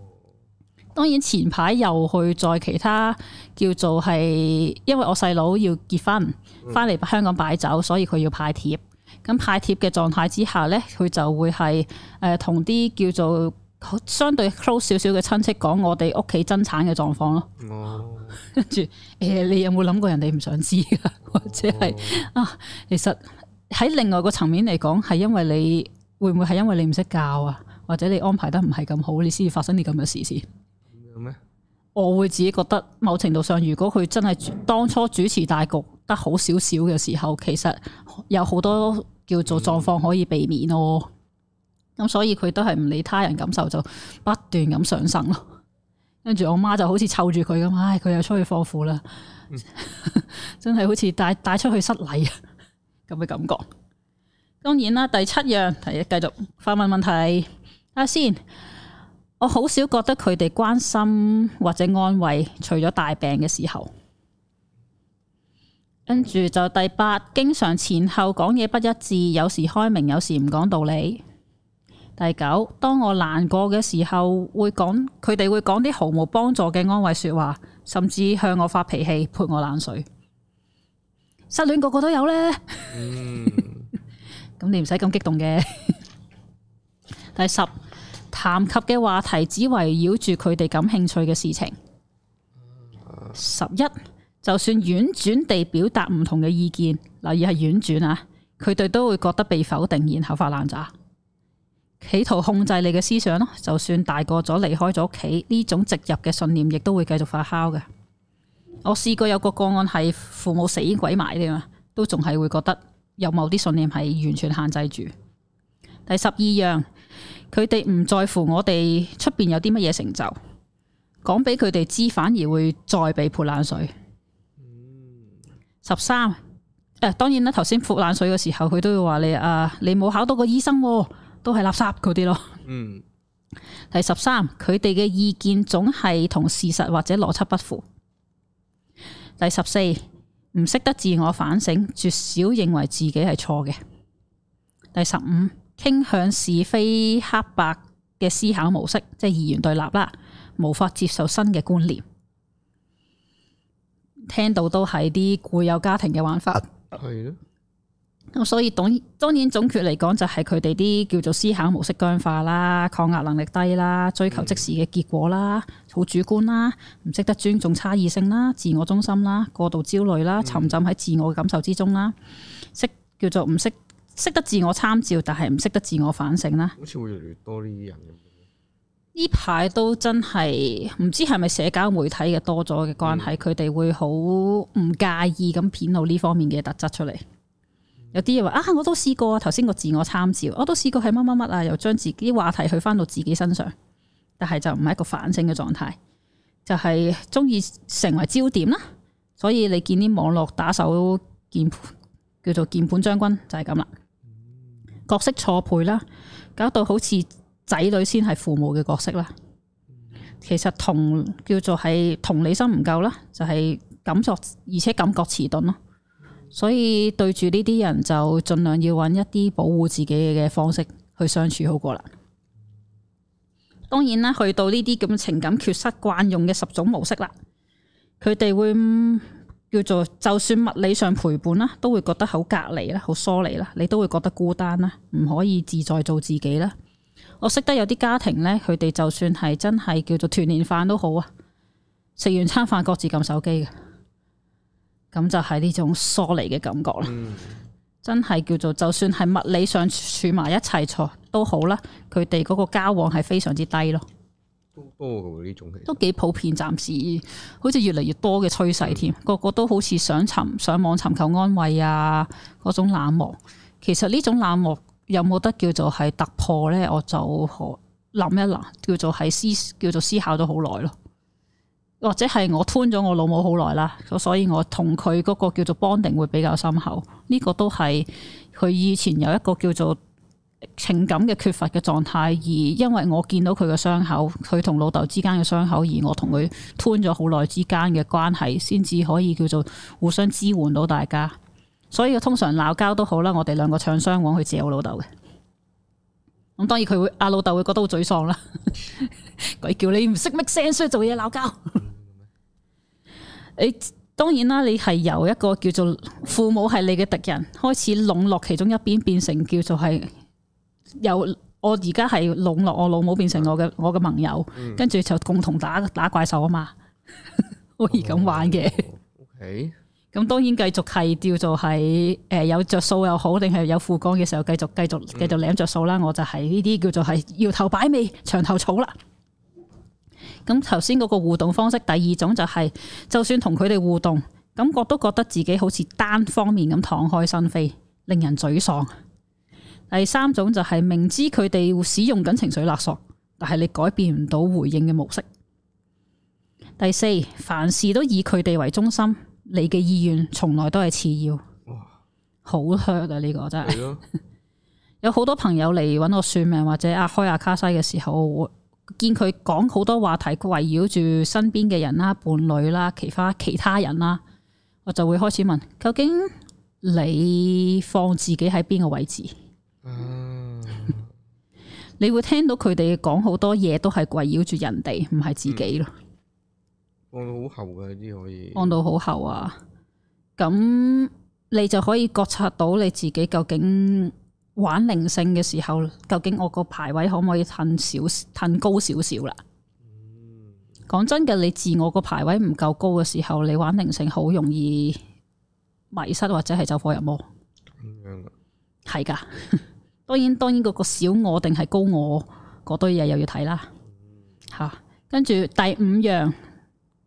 當然前排又去在其他叫做係，因為我細佬要結婚，翻嚟香港擺酒，所以佢要派帖。咁派帖嘅狀態之下咧，佢就會係誒同啲叫做。相對 close 少少嘅親戚講我哋屋企增產嘅狀況咯，跟住誒，你有冇諗過人哋唔想知啊？或者係、哦、啊，其實喺另外個層面嚟講，係因為你會唔會係因為你唔識教啊，或者你安排得唔係咁好，你先至發生啲咁嘅事先？咁咩嗎？我會自己覺得某程度上，如果佢真係當初主持大局得好少少嘅時候，其實有好多叫做狀況可以避免咯。嗯咁所以佢都係唔理他人感受，就不斷咁上身咯。跟住我媽就好似湊住佢咁，唉、哎，佢又出去放虎啦， 真係好似帶帶出去失禮咁嘅感覺。當然啦，第七樣係繼續發問問題，睇下先。我好少覺得佢哋關心或者安慰，除咗大病嘅時候。跟住就第八，經常前後講嘢不一致，有時開明，有時唔講道理。第九，當我難過嘅時候，會講佢哋會講啲毫無幫助嘅安慰說話，甚至向我發脾氣、潑我冷水。失戀個個都有呢，咁、嗯、 你唔使咁激動嘅。 第十，談及嘅話題只圍繞住佢哋感興趣嘅事情。嗯、十一，就算婉轉地表達唔同嘅意見，留意係婉轉啊，佢哋都會覺得被否定，然後發爛渣。企圖控制你嘅思想咯，就算大個咗離開咗屋企，呢種植入嘅信念亦都會繼續發酵嘅。我試過有個個案係父母死鬼埋添啊，都仲係會覺得有某啲信念係完全限制住。第十二樣，佢哋唔在乎我哋出邊有啲乜嘢成就，講俾佢哋知反而會再被潑冷水。十三，誒，當然啦，頭先潑冷水嘅時候，佢都會話你啊，你冇考到個醫生，啊。都係垃圾嗰啲咯。嗯，第十三，佢哋嘅意見總係同事實或者邏輯不符。第十四，唔識得自我反省，絕少認為自己係錯嘅。第十五，傾向是非黑白嘅思考模式，即係二元對立啦，無法接受新嘅觀念。聽到都係啲固有家庭嘅玩法，啊，係咯。咁所以當當然總結嚟講，就係佢哋啲叫做思考模式僵化啦，抗壓能力低啦，追求即時嘅結果啦，好、嗯、主觀啦，唔識得尊重差異性啦，自我中心啦，過度焦慮啦，沉浸喺自我感受之中啦，識叫做唔識識得自我參照，但係唔識得自我反省啦。好似會越嚟越多呢啲人。呢排都真係唔知係咪社交媒體嘅多咗嘅關係，佢哋、嗯、會好唔介意咁編到呢方面嘅特質出嚟。有啲人話啊，我都試過啊，頭先個自我參照，我都試過係乜乜乜啊，又將自己話題去返到自己身上，但係就唔係一個反省嘅狀態，就係鍾意成為焦點啦。所以你見啲網絡打手鍵盤叫做鍵盤將軍就係咁啦，角色錯配啦，搞到好似仔女先係父母嘅角色啦。其實同叫做係同理心唔夠啦，就係感覺，而且感覺遲鈍咯。所以對住呢啲人就盡量要揾一啲保護自己嘅方式去相處好過啦。當然啦，去到呢啲咁嘅情感缺失慣用嘅十種模式啦，佢哋會叫做就算物理上陪伴啦，都會覺得好隔離啦，好疏離啦，你都會覺得孤單啦，唔可以自在做自己啦。我識得有啲家庭呢，佢哋就算係真係叫做團年飯都好啊，食完餐飯各自撳手機嘅。咁就係呢種疏離嘅感覺啦，嗯，真係叫做就算係物理上處埋一齊坐都好啦，佢哋嗰個交往係非常之低咯。都多呢種，都幾普遍暫，暫時好似越嚟越多嘅趨勢添。嗯、個個都好似想尋上網尋求安慰啊，嗰種冷漠。其實呢種冷漠有冇得叫做係突破呢？我就可諗一諗，叫做係思叫做思考咗好耐咯。或者係我拖咗我老母好耐啦，所以我同佢嗰個叫做 bonding 會比較深厚。呢個都係佢以前有一個叫做情感嘅缺乏嘅狀態，而因為我見到佢嘅傷口，佢同老豆之間嘅傷口，而我同佢拖咗好耐之間嘅關係，先至可以叫做互相支援到大家。所以通常鬧交都好啦，我哋兩個唱雙簧去惹我老豆嘅。咁當然佢會阿老豆會覺得好沮喪啦， 鬼叫你唔識咩聲衰做嘢鬧交。 你當然啦，你係由一個叫做父母係你嘅敵人開始籠絡其中一邊，變成叫做係由我而家係籠絡我老母，變成我嘅我嘅盟友，跟住、嗯、就共同打打怪獸啊嘛， 可以咁玩嘅。O K，咁當然繼續係叫做係誒有着數又好，定係有副光嘅時候繼，繼續繼續繼續舐著數啦。嗯、我就係呢啲叫做係搖頭擺尾，牆頭草啦。咁頭先嗰個互動方式，第二種就係、是、就算同佢哋互動，感覺都覺得自己好似單方面咁敞開心扉，令人沮喪。第三種就係、是、明知佢哋會使用緊情緒勒索，但係你改變唔到回應嘅模式。第四，凡事都以佢哋為中心，你嘅意願從來都係次要。哇、哦，好 heat 啊！呢個真係的 有好多朋友嚟搵我算命或者阿開阿、啊、卡西嘅時候，見佢講好多話題，佢圍繞住身邊嘅人啦、伴侶啦、其他其他人啦，我就會開始問：究竟你放自己喺邊個位置？嗯，啊、 你會聽到佢哋講好多嘢，都係圍繞住人哋，唔係自己咯、嗯。放到好厚嘅呢啲可以。放到好厚啊！咁、這個啊、你就可以覺察到你自己究竟。玩靈性嘅時候，究竟我個排位可唔可以褪少，褪高少少啦？講、嗯、真嘅，你自我個排位唔夠高嘅時候，你玩靈性好容易迷失或者係走火入魔。係噶、嗯嗯是的， 當然當然嗰個小我定係高我嗰堆嘢，又要睇啦。吓、啊，跟住第五樣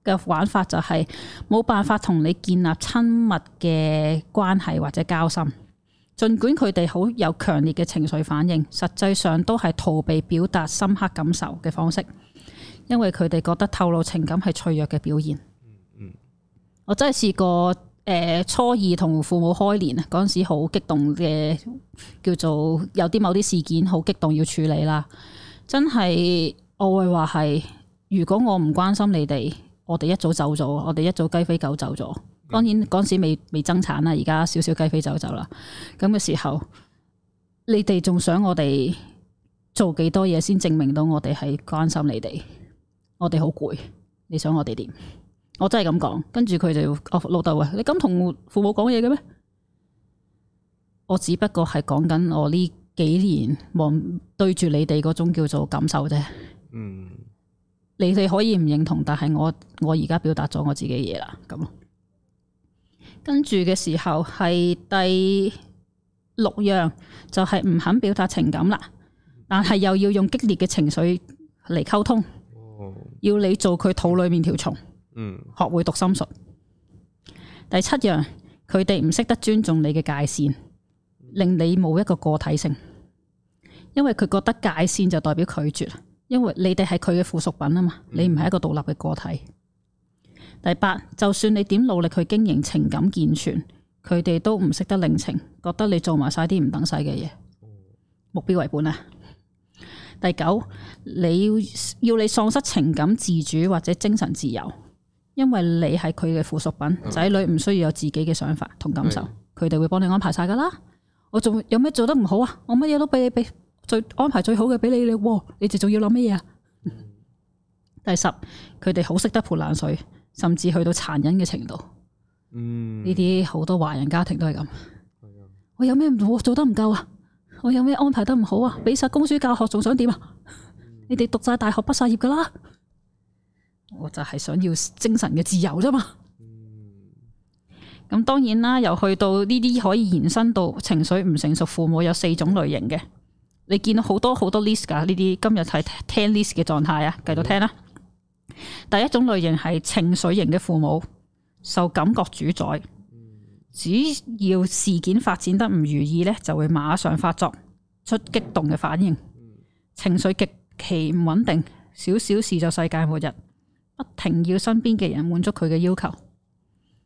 嘅玩法就係、是、冇辦法同你建立親密嘅關係或者交心。儘管佢哋好有強烈嘅情緒反應，實際上都係逃避表達深刻感受嘅方式，因為佢哋覺得透露情感係脆弱嘅表現。我真係試過，誒、呃，初二同父母開年嗰陣時好激動嘅，叫做有啲某啲事件好激動要處理啦，真係我會話係，如果我唔關心你哋，我哋一早走咗，我哋一早雞飛狗走咗。當然嗰時未未增產啦，而家少少雞飛走走啦。咁嘅時候，你哋仲想我哋做幾多嘢，先證明到我哋係關心你哋？我哋好攰，你想我哋點？我真係咁講。跟住佢就，哦老豆啊，你敢同父母講嘢嘅咩？我只不過係講緊我呢幾年望對住你哋嗰種叫做感受啫。嗯，你哋可以唔認同，但係我我而家表達咗我自己嘢啦。咁。跟住嘅時候係第六樣，就係唔肯表達情感啦，但係又要用激烈嘅情緒嚟溝通，要你做佢肚裏面條蟲，學會讀心術。第七樣，佢哋唔識得尊重你嘅界線，令你冇一個個體性，因為佢覺得界線就代表拒絕，因為你哋係佢嘅附屬品啊嘛，你唔係一個獨立嘅個體。第八，就算你點努力去經營情感健全，佢哋都唔識得領情，覺得你做埋晒啲唔等使嘅嘢，目標為本啊！第九，你要，要你喪失情感自主或者精神自由，因為你係佢嘅附屬品，仔女唔需要有自己嘅想法同感受，佢哋、嗯、會幫你安排晒㗎啦。我仲有咩做得唔好啊？我乜嘢都俾你俾最安排最好嘅俾你啦，你哋仲要諗乜嘢啊？嗯、第十，佢哋好識得潑冷水。甚至去到殘忍嘅程度，呢啲、嗯、好多華人家庭都係咁。嗯、我有咩唔做？做得唔夠啊？我有咩安排得唔好啊？俾曬供書教學，仲想點啊？嗯、你哋讀晒大學，畢曬業噶啦。我就係想要精神嘅自由啫嘛。咁、嗯、當然啦，又去到呢啲可以延伸到情緒唔成熟父母有四種類型嘅。你見到好多好多 list 噶呢啲，今日睇聽 list 嘅狀態啊，繼續聽啦。嗯第一種類型係情緒型嘅父母，受感覺主宰，只要事件發展得唔如意呢，就會馬上發作出激動嘅反應，情緒極其唔穩定，少少事就世界末日，不停要身邊嘅人滿足佢嘅要求。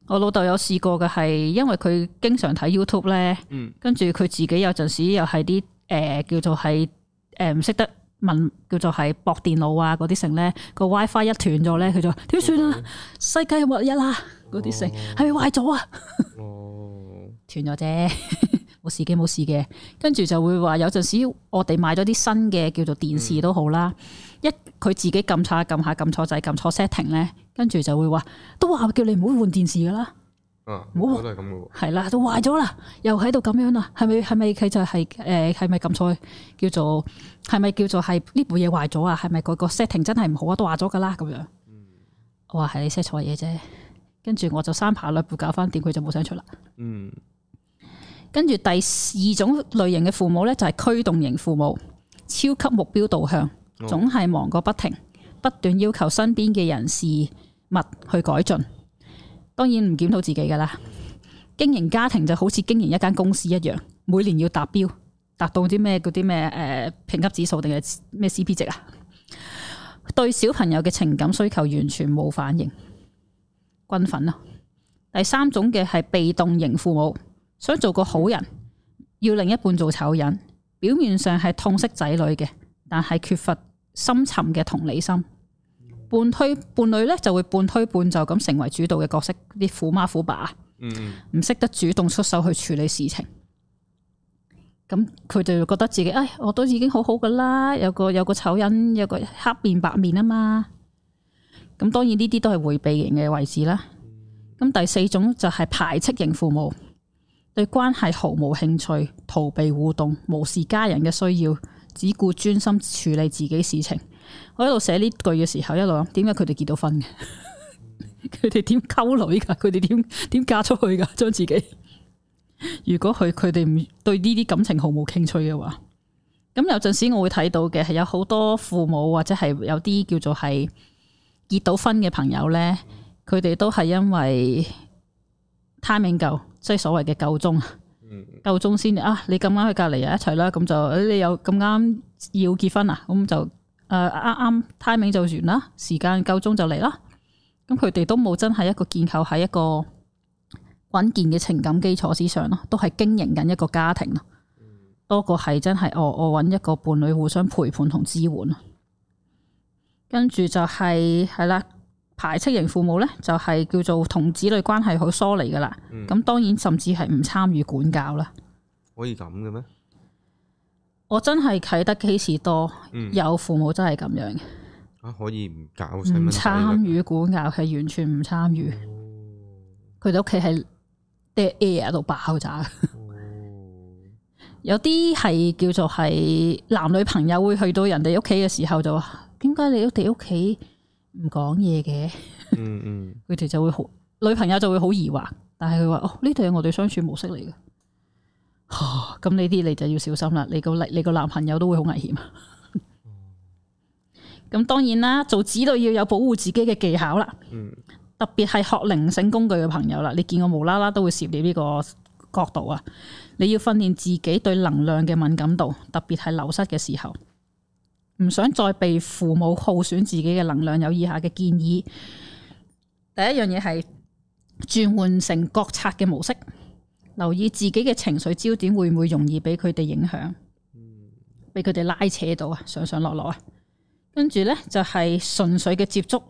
我老豆有試過嘅係，因為佢經常睇 YouTube 呢，嗯，跟住佢自己有陣時又係啲誒叫做係誒唔識得。問叫做係駁電腦啊嗰啲，成咧個 WiFi 一斷咗咧佢就，點算啊的世界末日啦嗰啲，成係壞咗啊，斷咗啫冇事嘅，冇事嘅，跟住就會話有陣時我哋買咗啲新嘅叫做電視都好啦，嗯、一佢自己撳錯撳下撳錯掣，撳錯 setting 咧，跟住就會話都話叫你唔好換電視噶啦。啊，冇別，都係啦，都壞咗啦，又喺度咁樣啦，係咪係咪佢就係誒，係咪撳錯？叫做係咪叫做係呢部嘢壞咗啊？係咪個個 setting 真係唔好啊？都話咗噶啦，咁樣。我話係你 set 錯嘢啫，跟住我就三扒兩撥搞翻掂，佢就冇聲出啦。嗯，跟住第二種類型嘅父母咧，就係驅動型父母，超級目標導向，總係忙個不停，哦、不斷要求身邊嘅人事物去改進。當然唔檢討自己噶啦，經營家庭就好似經營一間公司一樣，每年要達標，達到啲咩嗰啲咩誒評級指數定係咩 CP 值啊？對小朋友嘅情感需求完全冇反應，均分啦，啊。第三種嘅係被動型父母，想做個好人，要另一半做醜人，表面上係痛惜仔女嘅，但係缺乏深沉嘅同理心。半推半累咧，就會半推半就咁成為主導嘅角色，啲虎媽虎爸，唔識得主動出手去處理事情，咁佢哋就覺得自己，哎，我都已經好好噶啦，有個有個醜人，有個黑面白面啊嘛，咁當然呢啲都係回避型嘅位置啦。咁第四種就係排斥型父母，對關係毫無興趣，逃避互動，無視家人嘅需要，只顧專心處理自己事情。我喺度寫呢句嘅時候，一路諗：點解佢哋結到婚嘅？佢哋點溝女噶？佢哋點點嫁出去噶？將自己？ 如果佢佢哋唔對呢啲感情毫無興趣嘅話，咁有陣時我會睇到嘅係有好多父母或者係有啲叫做係結到婚嘅朋友咧，佢哋、嗯、都係因為 timing 夠，即係所謂嘅夠鐘啊，夠鐘先啊！你咁啱去隔籬又一齊啦，咁就你有咁啱要結婚啊，咁就。誒，啱啱 timing 就完啦，時間夠鐘就嚟啦。咁佢哋都冇真係一個建構喺一個穩健嘅情感基礎之上咯，都係經營緊一個家庭咯，多過係真係我我揾一個伴侶互相陪伴同支援。跟住就係、是、係啦，排斥型父母咧，就係、是、叫做同子女關係好疏離噶啦。咁、嗯、當然甚至係唔參與管教啦。可以咁嘅咩？我真係睇得幾時多，嗯、有父母真係咁樣嘅。啊，可以唔搞？唔參與管教係完全唔參與。佢哋屋企係 dead air 度爆炸。嗯、 有啲係叫做係男女朋友會去到人哋屋企嘅時候就話：點解你哋屋企唔講嘢嘅？嗯嗯，佢哋 就會好女朋友就會好疑惑，但係佢話：哦，呢度係我哋相處模式嚟嘅。咁呢啲你就要小心啦。你個你個男朋友都會好危險啊。咁 當然啦，做子女要有保護自己嘅技巧啦。特別係學靈性工具嘅朋友啦，你見我無啦啦都會涉獵呢個角度啊。你要訓練自己對能量嘅敏感度，特別係流失嘅時候，唔想再被父母耗損自己嘅能量。有以下嘅建議：第一樣嘢係轉換成覺察嘅模式。留意自己嘅情緒焦點會唔會容易俾佢哋影響，俾佢哋拉扯到啊，上上落落啊。跟住咧就係、是、純粹嘅接觸，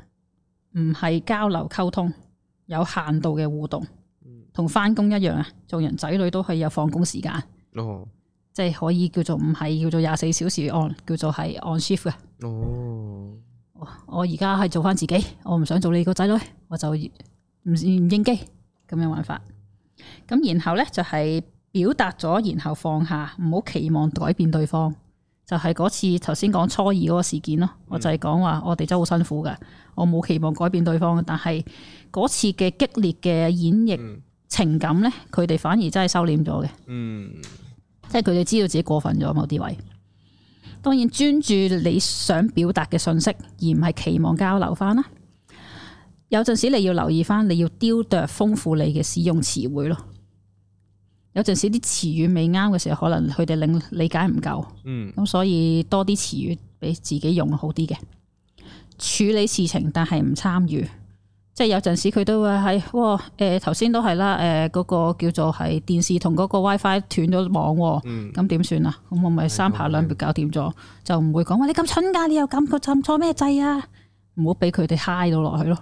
唔係交流溝通，有限度嘅互動，同翻工一樣啊。做人仔女都係有放工時間，哦、即係可以叫做唔係叫做廿四小時 on，叫做係 on shift 啊。哦，我而家係做翻自己，我唔想做你個仔女，我就唔唔應機咁樣玩法。咁然後咧就係表達咗，然後放下，唔好期望改變對方。就係嗰次頭先講初二嗰個事件咯，我就係講話我哋真係好辛苦嘅，我冇期望改變對方。但係嗰次嘅激烈嘅演繹情感咧，佢哋反而真係收斂咗嘅。嗯，即係佢哋知道自己過分咗某啲位。當然專注你想表達嘅信息，而唔係期望交流返啦。有陣時你要留意返，你要雕琢豐富你嘅使用詞彙咯。有陣時啲詞語未啱嘅時候，可能佢哋領理解唔夠，咁、嗯、所以多啲詞語俾自己用好啲嘅處理事情，但係唔參與，即係有陣時佢都會係。誒、哎，頭先都係啦，誒、呃，嗰、呃那個叫做係電視同嗰個 WiFi 斷咗網，咁點算啊？咁、嗯、我咪三扒兩撥搞掂咗，嗯、就唔會講話你咁蠢噶、啊，你又感覺撳錯咩掣啊？唔好俾佢哋嗨到落去咯。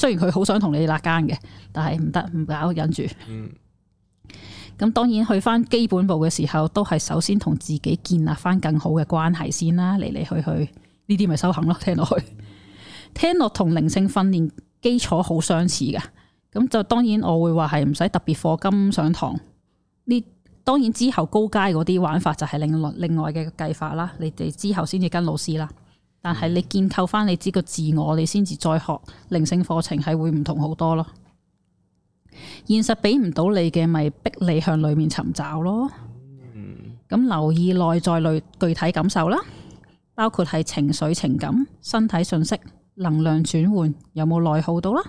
雖然佢好想同你拉奸嘅，但係唔得，唔搞忍住。咁、嗯、當然去翻基本步嘅時候，都係首先同自己建立翻更好嘅關係先啦。嚟嚟去去呢啲咪修行咯。聽落去，聽落同靈性訓練基礎好相似噶。咁就當然我會話係唔使特別課金上堂。呢當然之後高階嗰啲玩法就係另外另外嘅計法啦。你哋之後先至跟老師啦。但係你建構翻你知個自我，你先至再學靈性課程係會唔同好多咯。現實俾唔到你嘅，咪逼你向裏面尋找咯。咁留意內在類具體感受啦，包括係情緒、情感、身體信息、能量轉換，有冇內耗到啦？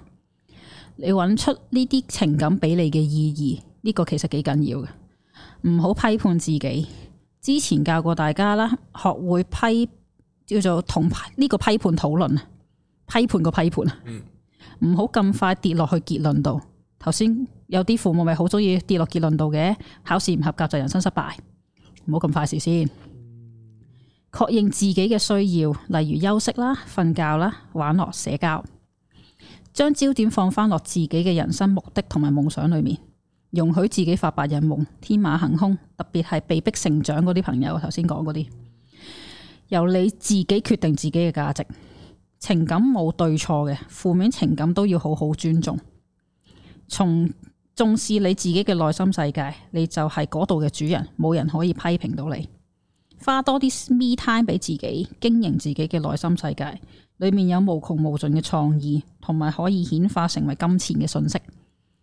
你揾出呢啲情感俾你嘅意義，呢個其實幾緊要嘅。唔好批判自己。之前教過大家啦，學會批。叫做同呢、這個批判討論啊，批判個批判啊，唔好咁快跌落去結論度。頭先有啲父母咪好中意跌落結論度嘅，考試唔合格就人生失敗，唔好咁快事先。確認自己嘅需要，例如休息啦、瞓覺啦、玩樂、社交，將焦點放翻落自己嘅人生目的同埋夢想裏面，容許自己發白日夢、天馬行空，特別係被迫成長嗰啲朋友，頭先講嗰啲。由你自己決定自己嘅價值，情感冇對錯嘅，負面情感都要好好尊重。從重視你自己嘅內心世界，你就係嗰度嘅主人，冇人可以批評到你。花多啲 me time 俾自己，經營自己嘅內心世界，裏面有無窮無盡嘅創意，同埋可以顯化成為金錢嘅信息。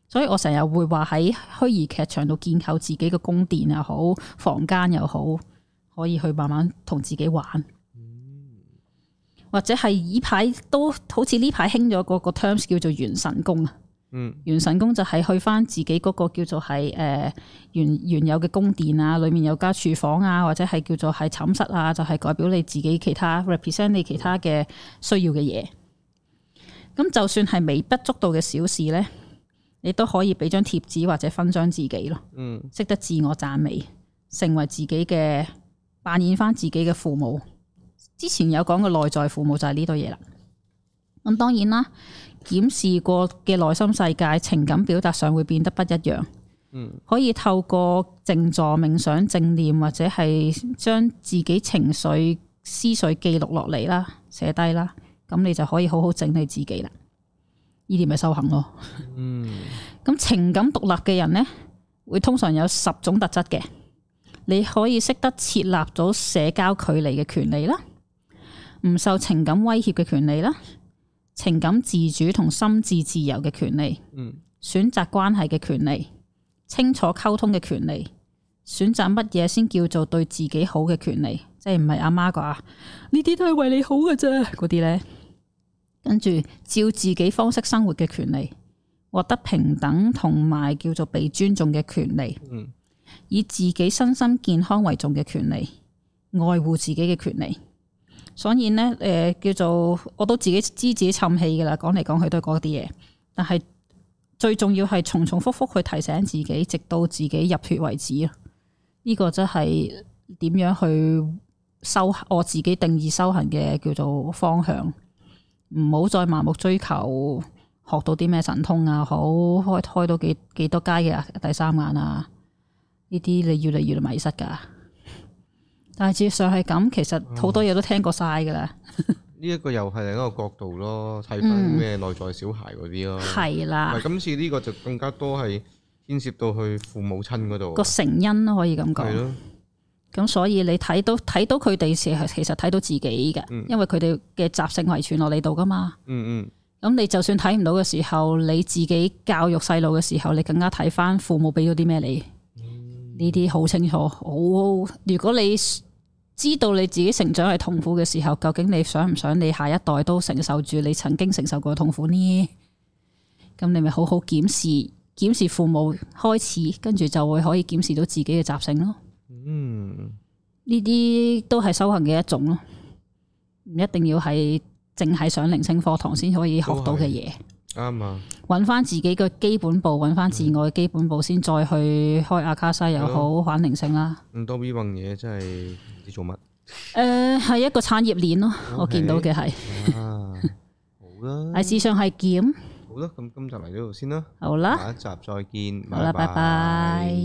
所以我成日會話喺虛擬劇場度建構自己嘅宮殿又好，房間又好。可以去慢慢同自己玩，或者係以排都好似呢排興咗嗰個 terms 叫做元神宮啊。嗯，元神宮就係去翻自己嗰個叫做係誒原原有嘅宮殿啊，裏面有間廚房啊，或者係叫做係寢室啊，就係、是、代表你自己其他 represent 你其他嘅需要嘅嘢。咁就算係微不足道嘅小事咧，你都可以俾張貼紙或者勳章自己咯。嗯，識得自我讚美，成為自己嘅。扮演翻自己嘅父母，之前有講嘅內在父母就係呢堆嘢啦。咁當然啦，檢視過嘅內心世界，情感表達上會變得不一樣。可以透過靜坐、冥想、正念，或者係將自己情緒、思緒記錄落嚟啦，寫低啦，咁你就可以好好整理自己啦。呢啲咪修行咯。嗯。咁情感獨立嘅人呢，會通常有十種特質嘅。你可以識得設立咗社交距離嘅權利啦，唔受情感威脅嘅權利啦，情感自主同心智自由嘅權利，嗯、選擇關係嘅權利，清楚溝通嘅權利，選擇乜嘢先叫做對自己好嘅權利，即係唔係阿媽啩？呢啲都係為你好嘅啫，嗰啲呢，跟住照自己方式生活嘅權利，獲得平等同埋叫做被尊重嘅權利。嗯以自己身心健康為重嘅權利，愛護自己嘅權利。所以呢，誒、呃，叫做我都自己知自己氹氣噶啦。講嚟講去都係嗰啲嘢，但係最重要係重重複複去提醒自己，直到自己入血為止咯。呢、這個真係點樣去修我自己定義修行嘅叫做方向，唔好再盲目追求學到啲咩神通啊，好開開到幾幾多階嘅第三眼啊！呢啲你越嚟越迷失噶，大致上係咁，其實好多嘢都聽過晒噶啦。呢一個、哦這個又係另一個角度咯，睇翻咩內在小孩嗰啲咯。係啦，今次呢個就更加多係牽涉到去父母親嗰度個成因咯，可以咁講。咁了所以你睇到睇到佢哋時，係其實睇到自己嘅，嗯、因為佢哋嘅習性遺傳落你度噶嘛。嗯嗯，咁你就算睇唔到嘅時候，你自己教育細路嘅時候，你更加睇翻父母俾咗啲咩你。呢啲好清楚，好，好，如果你知道你自己成長係痛苦嘅時候，究竟你想唔想你下一代都承受住你曾經承受過嘅痛苦呢？咁你咪好好檢視，檢視父母開始，跟住就會可以檢視到自己嘅習性咯。嗯，呢啲都係修行嘅一種咯，唔一定要係淨係上靈性課堂先可以學到嘅嘢。啱啊！揾翻自己嘅基本步，揾翻自我嘅基本步，先、嗯、再去開阿卡西又好，反靈性啦。咁多呢份嘢真係唔知做乜。誒、呃，係一個產業鏈咯，okay, 我見到嘅係、啊。好啦。誒， 事上係劍。好啦，咁今集嚟呢度先啦。好啦吧。下一集再見，拜拜吧。Bye bye